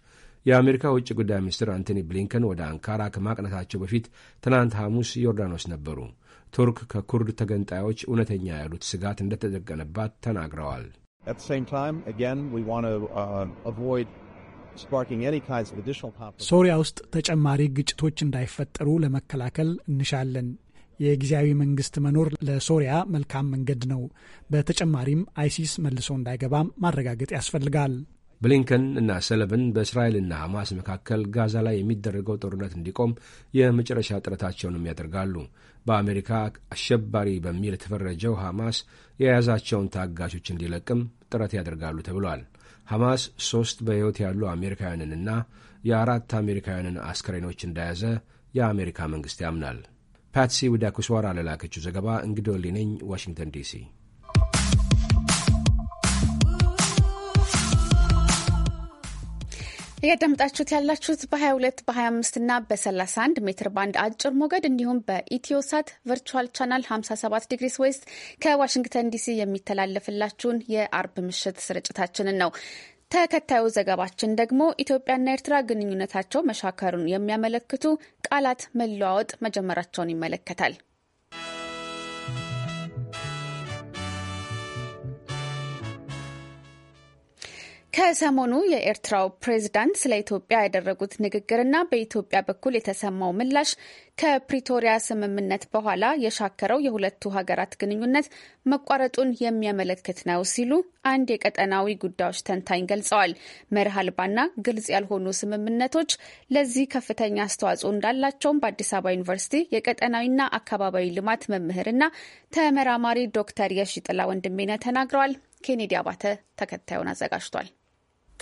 የአሜሪካ ውጭ ጉዳይ ሚኒስትር አንቶኒ ብሊንከን ወደ አንካራ ከማቅነታቸው በፊት ትናንት ሐሙስ ዮርዳኖስ ነበሩ። ቱርክ ከኩርድ ተገንጣዮች እውነተኛ ያሉት ስጋት እንደተደቀነባት ተናግረዋል። ሶሪያ ውስጥ ተጨማሪ ግጭቶች እንዳይፈጠሩ ለመከላከል እንሻለን። የጊዜያዊ መንግስት መኖር ለሶሪያ መልካም መንገድ ነው። በተጨማሪም አይሲስ መልሶ እንዳይገባም ማረጋገጥ ያስፈልጋል። ብሊንከን እና ሰለቨን በእስራኤልና ሐማስ መካከል ጋዛ ላይ የሚደረገው ጦርነት እንዲቆም የመጨረሻ ጥረታቸውንም ያደርጋሉ። በአሜሪካ አሸባሪ በሚል የተፈረጀው ሐማስ የያዛቸውን ታጋቾች እንዲለቅም ጥረት ያደርጋሉ ተብሏል። ሐማስ ሦስት በሕይወት ያሉ አሜሪካውያንንና የአራት አሜሪካውያንን አስከሬኖች እንደያዘ የአሜሪካ መንግሥት ያምናል። ፓትሲ ውዳኩስዋራ ለላከችው ዘገባ እንግዶልነኝ ዋሽንግተን ዲሲ እያዳመጣችሁት ያላችሁት በ22 በ25 እና በ31 ሜትር ባንድ አጭር ሞገድ እንዲሁም በኢትዮሳት ቨርቹዋል ቻናል 57 ዲግሪስ ዌስት ከዋሽንግተን ዲሲ የሚተላለፍላችሁን የአርብ ምሽት ስርጭታችንን ነው። ተከታዩ ዘገባችን ደግሞ ኢትዮጵያና ኤርትራ ግንኙነታቸው መሻከሩን የሚያመለክቱ ቃላት መለዋወጥ መጀመራቸውን ይመለከታል። ከሰሞኑ የኤርትራው ፕሬዝዳንት ስለ ኢትዮጵያ ያደረጉት ንግግርና በኢትዮጵያ በኩል የተሰማው ምላሽ ከፕሪቶሪያ ስምምነት በኋላ የሻከረው የሁለቱ ሀገራት ግንኙነት መቋረጡን የሚያመለክት ነው ሲሉ አንድ የቀጠናዊ ጉዳዮች ተንታኝ ገልጸዋል። መርህ አልባና ግልጽ ያልሆኑ ስምምነቶች ለዚህ ከፍተኛ አስተዋጽኦ እንዳላቸውም በአዲስ አበባ ዩኒቨርሲቲ የቀጠናዊና አካባቢያዊ ልማት መምህርና ተመራማሪ ዶክተር የሺጥላ ወንድሜነ ተናግረዋል። ኬኔዲ አባተ ተከታዩን አዘጋጅቷል።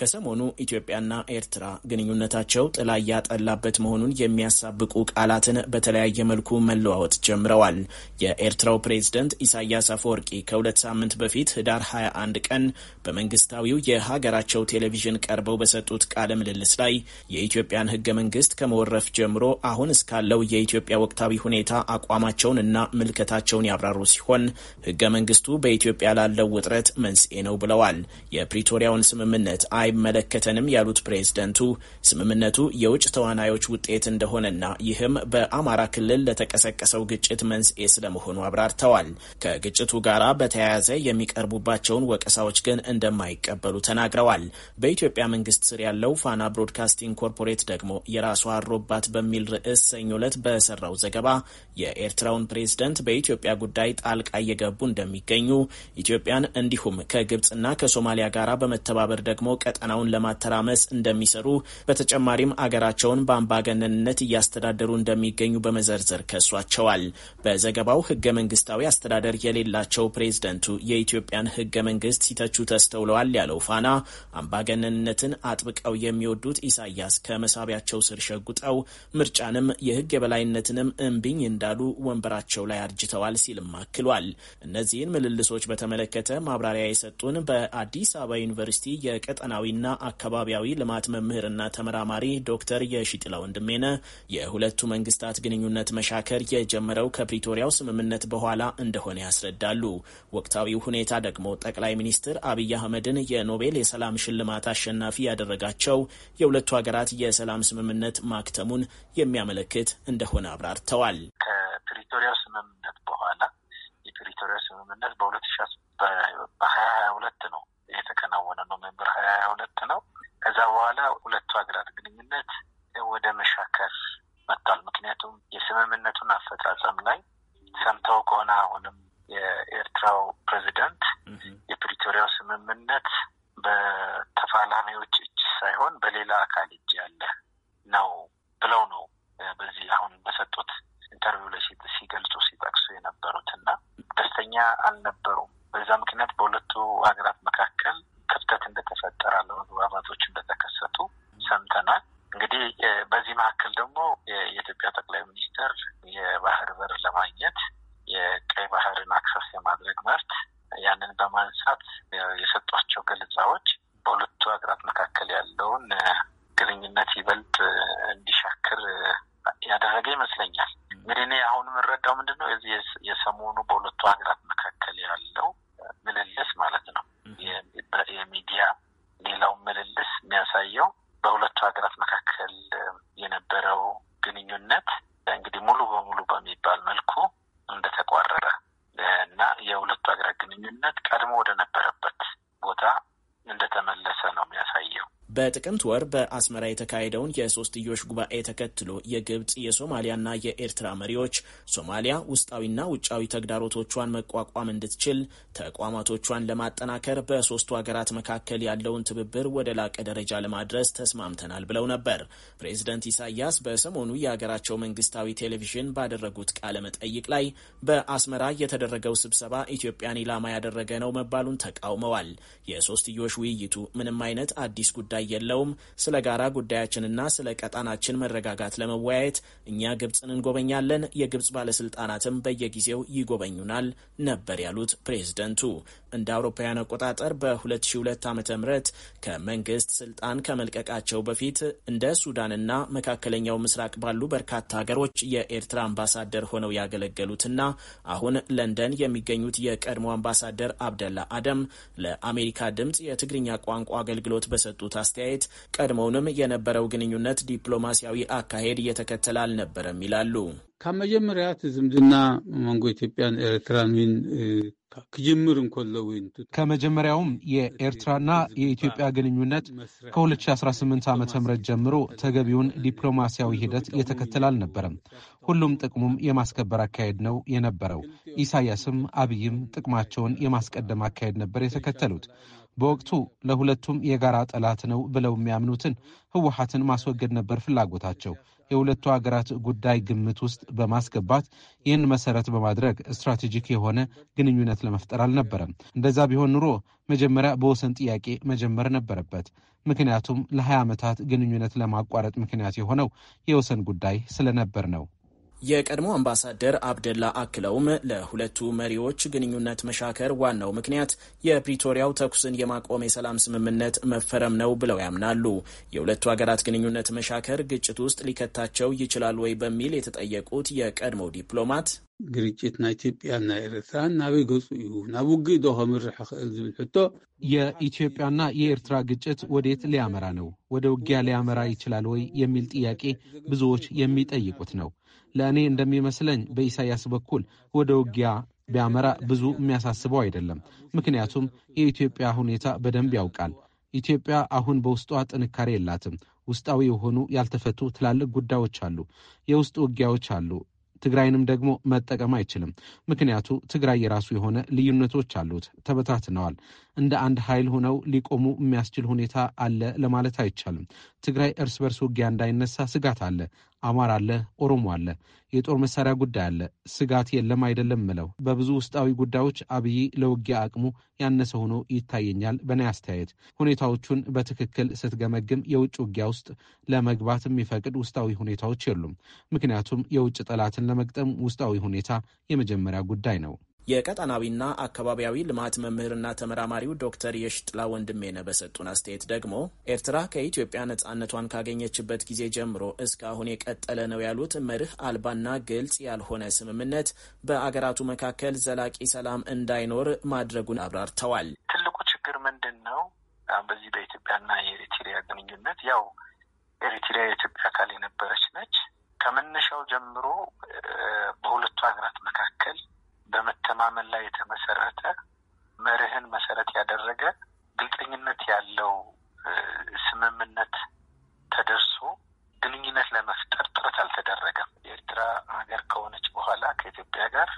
ከሰሞኑ ኢትዮጵያና ኤርትራ ግንኙነታቸው ጥላ እያጠላበት መሆኑን የሚያሳብቁ ቃላትን በተለያየ መልኩ መለዋወጥ ጀምረዋል። የኤርትራው ፕሬዝደንት ኢሳያስ አፈወርቂ ከሁለት ሳምንት በፊት ህዳር 21 ቀን በመንግስታዊው የሀገራቸው ቴሌቪዥን ቀርበው በሰጡት ቃለ ምልልስ ላይ የኢትዮጵያን ህገ መንግስት ከመወረፍ ጀምሮ አሁን እስካለው የኢትዮጵያ ወቅታዊ ሁኔታ አቋማቸውን እና ምልከታቸውን ያብራሩ ሲሆን ህገ መንግስቱ በኢትዮጵያ ላለው ውጥረት መንስኤ ነው ብለዋል። የፕሪቶሪያውን ስምምነት አይመለከተንም ያሉት ፕሬዝደንቱ ስምምነቱ የውጭ ተዋናዮች ውጤት እንደሆነና ይህም በአማራ ክልል ለተቀሰቀሰው ግጭት መንስኤ ስለመሆኑ አብራርተዋል። ከግጭቱ ጋር በተያያዘ የሚቀርቡባቸውን ወቀሳዎች ግን እንደማይቀበሉ ተናግረዋል። በኢትዮጵያ መንግስት ስር ያለው ፋና ብሮድካስቲንግ ኮርፖሬት ደግሞ የራሷ አሮባት በሚል ርዕስ ሰኞ ዕለት በሰራው ዘገባ የኤርትራውን ፕሬዝደንት በኢትዮጵያ ጉዳይ ጣልቃ እየገቡ እንደሚገኙ ኢትዮጵያን እንዲሁም ከግብፅና ከሶማሊያ ጋር በመተባበር ደግሞ ቀ ቀጠናውን ለማተራመስ እንደሚሰሩ በተጨማሪም አገራቸውን በአምባገነንነት እያስተዳደሩ እንደሚገኙ በመዘርዘር ከሷቸዋል። በዘገባው ህገ መንግስታዊ አስተዳደር የሌላቸው ፕሬዝደንቱ የኢትዮጵያን ህገ መንግስት ሲተቹ ተስተውለዋል ያለው ፋና አምባገነንነትን አጥብቀው የሚወዱት ኢሳያስ ከመሳቢያቸው ስር ሸጉጠው ምርጫንም የህግ የበላይነትንም እምቢኝ እንዳሉ ወንበራቸው ላይ አርጅተዋል ሲልም አክሏል። እነዚህን ምልልሶች በተመለከተ ማብራሪያ የሰጡን በአዲስ አበባ ዩኒቨርሲቲ የቀጠና ባህላዊና አካባቢያዊ ልማት መምህርና ተመራማሪ ዶክተር የሺጥላ ወንድሜነ የሁለቱ መንግስታት ግንኙነት መሻከር የጀመረው ከፕሪቶሪያው ስምምነት በኋላ እንደሆነ ያስረዳሉ። ወቅታዊው ሁኔታ ደግሞ ጠቅላይ ሚኒስትር አብይ አህመድን የኖቤል የሰላም ሽልማት አሸናፊ ያደረጋቸው የሁለቱ ሀገራት የሰላም ስምምነት ማክተሙን የሚያመለክት እንደሆነ አብራርተዋል። ከፕሪቶሪያው ስምምነት በኋላ የፕሪቶሪያው ስምምነት በሁለት ሺ በሀያ ሀያ ሁለት ነው የተከናወነ ነው ጥቅምት ወር በአስመራ የተካሄደውን የሶስትዮሽ ጉባኤ ተከትሎ የግብጽ የሶማሊያና የኤርትራ መሪዎች ሶማሊያ ውስጣዊና ውጫዊ ተግዳሮቶቿን መቋቋም እንድትችል ተቋማቶቿን ለማጠናከር በሶስቱ ሀገራት መካከል ያለውን ትብብር ወደ ላቀ ደረጃ ለማድረስ ተስማምተናል ብለው ነበር። ፕሬዚደንት ኢሳያስ በሰሞኑ የሀገራቸው መንግስታዊ ቴሌቪዥን ባደረጉት ቃለ መጠይቅ ላይ በአስመራ የተደረገው ስብሰባ ኢትዮጵያን ኢላማ ያደረገ ነው መባሉን ተቃውመዋል። የሶስትዮሽ ውይይቱ ምንም አይነት አዲስ ጉዳይ የለውም፣ ስለ ጋራ ጉዳያችንና ስለ ቀጣናችን መረጋጋት ለመወያየት እኛ ግብፅን እንጎበኛለን፣ የግብጽ ባለስልጣናትም በየጊዜው ይጎበኙናል ነበር ያሉት ፕሬዝደንቱ እንደ አውሮፓውያን አቆጣጠር በ2002 ዓ ም ከመንግስት ስልጣን ከመልቀቃቸው በፊት እንደ ሱዳንና መካከለኛው ምስራቅ ባሉ በርካታ ሀገሮች የኤርትራ አምባሳደር ሆነው ያገለገሉትና አሁን ለንደን የሚገኙት የቀድሞ አምባሳደር አብደላ አደም ለአሜሪካ ድምፅ የትግርኛ ቋንቋ አገልግሎት በሰጡት አስተያየት ቀድሞውንም የነበረው ግንኙነት ዲፕሎማሲያዊ አካሄድ እየተከተለ አልነበረም ይላሉ። ካብ መጀመርያ እቲ ዝምድና መንጎ ኢትዮጵያን ኤርትራን ውን ክጅምር እንከሎውን ከመጀመሪያውም የኤርትራና የኢትዮጵያ ግንኙነት ከ2018 ዓ ም ጀምሮ ተገቢውን ዲፕሎማሲያዊ ሂደት የተከተል አልነበረም። ሁሉም ጥቅሙም የማስከበር አካሄድ ነው የነበረው። ኢሳያስም አብይም ጥቅማቸውን የማስቀደም አካሄድ ነበር የተከተሉት። በወቅቱ ለሁለቱም የጋራ ጠላት ነው ብለው የሚያምኑትን ህወሓትን ማስወገድ ነበር ፍላጎታቸው። የሁለቱ ሀገራት ጉዳይ ግምት ውስጥ በማስገባት ይህን መሰረት በማድረግ ስትራቴጂክ የሆነ ግንኙነት ለመፍጠር አልነበረም። እንደዛ ቢሆን ኑሮ መጀመሪያ በወሰን ጥያቄ መጀመር ነበረበት። ምክንያቱም ለ20 ዓመታት ግንኙነት ለማቋረጥ ምክንያት የሆነው የወሰን ጉዳይ ስለነበር ነው። የቀድሞ አምባሳደር አብደላ አክለውም ለሁለቱ መሪዎች ግንኙነት መሻከር ዋናው ምክንያት የፕሪቶሪያው ተኩስን የማቆም የሰላም ስምምነት መፈረም ነው ብለው ያምናሉ። የሁለቱ ሀገራት ግንኙነት መሻከር ግጭት ውስጥ ሊከታቸው ይችላል ወይ በሚል የተጠየቁት የቀድሞ ዲፕሎማት ግርጭት ናይ ኢትዮጵያን ናይ ናበይ ገፁ እዩ ናብ ውግእ ዶ ከምርሕ ክእል ዝብል ሕቶ የኢትዮጵያና የኤርትራ ግጭት ወዴት ሊያመራ ነው? ወደ ውጊያ ሊያመራ ይችላል ወይ የሚል ጥያቄ ብዙዎች የሚጠይቁት ነው። ለእኔ እንደሚመስለኝ በኢሳያስ በኩል ወደ ውጊያ ቢያመራ ብዙ የሚያሳስበው አይደለም። ምክንያቱም የኢትዮጵያ ሁኔታ በደንብ ያውቃል። ኢትዮጵያ አሁን በውስጧ ጥንካሬ የላትም። ውስጣዊ የሆኑ ያልተፈቱ ትላልቅ ጉዳዮች አሉ። የውስጥ ውጊያዎች አሉ። ትግራይንም ደግሞ መጠቀም አይችልም። ምክንያቱ ትግራይ የራሱ የሆነ ልዩነቶች አሉት። ተበታትነዋል። እንደ አንድ ኃይል ሆነው ሊቆሙ የሚያስችል ሁኔታ አለ ለማለት አይቻልም። ትግራይ እርስ በርስ ውጊያ እንዳይነሳ ስጋት አለ። አማራ አለ፣ ኦሮሞ አለ፣ የጦር መሳሪያ ጉዳይ አለ። ስጋት የለም አይደለም ምለው በብዙ ውስጣዊ ጉዳዮች አብይ ለውጊያ አቅሙ ያነሰ ሆኖ ይታየኛል። በኔ አስተያየት ሁኔታዎቹን በትክክል ስትገመግም የውጭ ውጊያ ውስጥ ለመግባት የሚፈቅድ ውስጣዊ ሁኔታዎች የሉም። ምክንያቱም የውጭ ጠላትን ለመግጠም ውስጣዊ ሁኔታ የመጀመሪያ ጉዳይ ነው። የቀጠናዊና አካባቢያዊ ልማት መምህርና ተመራማሪው ዶክተር የሽጥላ ወንድሜነ በሰጡን አስተያየት ደግሞ ኤርትራ ከኢትዮጵያ ነጻነቷን ካገኘችበት ጊዜ ጀምሮ እስካሁን የቀጠለ ነው ያሉት መርህ አልባና ግልጽ ያልሆነ ስምምነት በአገራቱ መካከል ዘላቂ ሰላም እንዳይኖር ማድረጉን አብራርተዋል። ትልቁ ችግር ምንድን ነው? በዚህ በኢትዮጵያና የኤሪትሪያ ግንኙነት ያው ኤሪትሪያ የኢትዮጵያ አካል የነበረች ነች። ከመነሻው ጀምሮ በሁለቱ ሀገራት መካከል በመተማመን ላይ የተመሰረተ መርህን መሰረት ያደረገ ግልጠኝነት ያለው ስምምነት ተደርሶ ግንኙነት ለመፍጠር ጥረት አልተደረገም። የኤርትራ ሀገር ከሆነች በኋላ ከኢትዮጵያ ጋር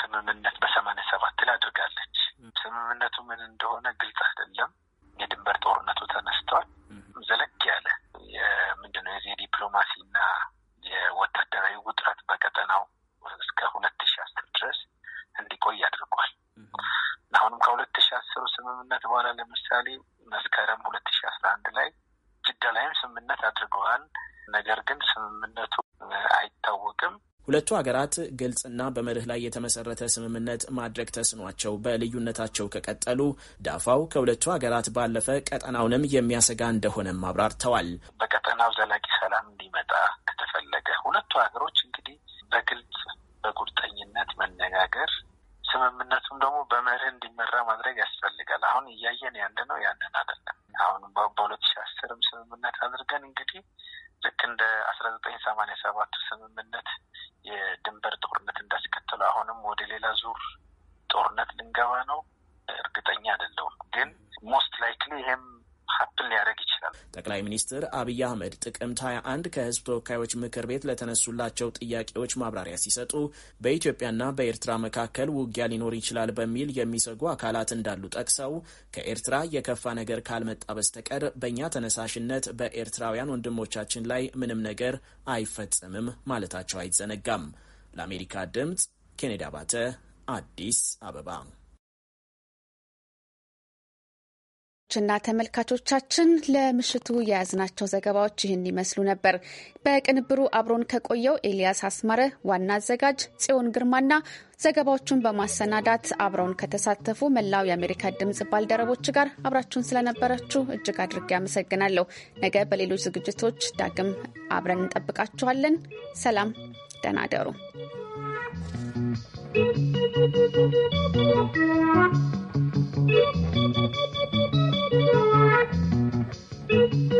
ስምምነት በሰማንያ ሰባት ላይ አድርጋለች። ስምምነቱ ምን እንደሆነ ግልጽ አይደለም። የድንበር ጦርነቱ ተነስተዋል። ዘለግ ያለ የምንድነው የዚህ ዲፕሎማሲና የወታደራዊ ውጥረት በቀጠናው እስከ ሁለት ሺ አስር ድረስ እንዲቆይ አድርጓል። አሁንም ከሁለት ሺ አስሩ ስምምነት በኋላ ለምሳሌ መስከረም ሁለት ሺ አስራ አንድ ላይ ጅዳ ላይም ስምምነት አድርገዋል። ነገር ግን ስምምነቱ አይታወቅም። ሁለቱ ሀገራት ግልጽና በመርህ ላይ የተመሰረተ ስምምነት ማድረግ ተስኗቸው በልዩነታቸው ከቀጠሉ ዳፋው ከሁለቱ ሀገራት ባለፈ ቀጠናውንም የሚያሰጋ እንደሆነም አብራርተዋል። በቀጠናው ዘላቂ ሰላም እንዲመጣ ከተፈለገ ሁለቱ ሀገሮች እንግዲህ በግልጽ በቁርጠኝነት መነጋገር ስምምነቱም ደግሞ በመርህ እንዲመራ ማድረግ ያስፈልጋል። አሁን እያየን ያለ ነው ያንን አይደለም። አሁን በሁለት ሺ አስርም ስምምነት አድርገን እንግዲህ ልክ እንደ አስራ ዘጠኝ ሰማንያ ሰባቱ ስምምነት የድንበር ጦርነት እንዳስከተለው አሁንም ወደ ሌላ ዙር ጦርነት ልንገባ ነው እርግጠኛ አይደለሁም። ግን ሞስት ላይክሊ ይሄም ሀፕን ሊያደርግ ይችላል። ጠቅላይ ሚኒስትር አብይ አህመድ ጥቅምት 21 ከህዝብ ተወካዮች ምክር ቤት ለተነሱላቸው ጥያቄዎች ማብራሪያ ሲሰጡ በኢትዮጵያና በኤርትራ መካከል ውጊያ ሊኖር ይችላል በሚል የሚሰጉ አካላት እንዳሉ ጠቅሰው ከኤርትራ የከፋ ነገር ካልመጣ በስተቀር በእኛ ተነሳሽነት በኤርትራውያን ወንድሞቻችን ላይ ምንም ነገር አይፈጸምም ማለታቸው አይዘነጋም። ለአሜሪካ ድምፅ ኬኔዲ አባተ አዲስ አበባ አድማጮችና ተመልካቾቻችን ለምሽቱ የያዝናቸው ዘገባዎች ይህን ይመስሉ ነበር። በቅንብሩ አብሮን ከቆየው ኤልያስ አስማረ፣ ዋና አዘጋጅ ጽዮን ግርማና ዘገባዎቹን በማሰናዳት አብረውን ከተሳተፉ መላው የአሜሪካ ድምፅ ባልደረቦች ጋር አብራችሁን ስለነበራችሁ እጅግ አድርጌ አመሰግናለሁ። ነገ በሌሎች ዝግጅቶች ዳግም አብረን እንጠብቃችኋለን። ሰላም፣ ደህና እደሩ።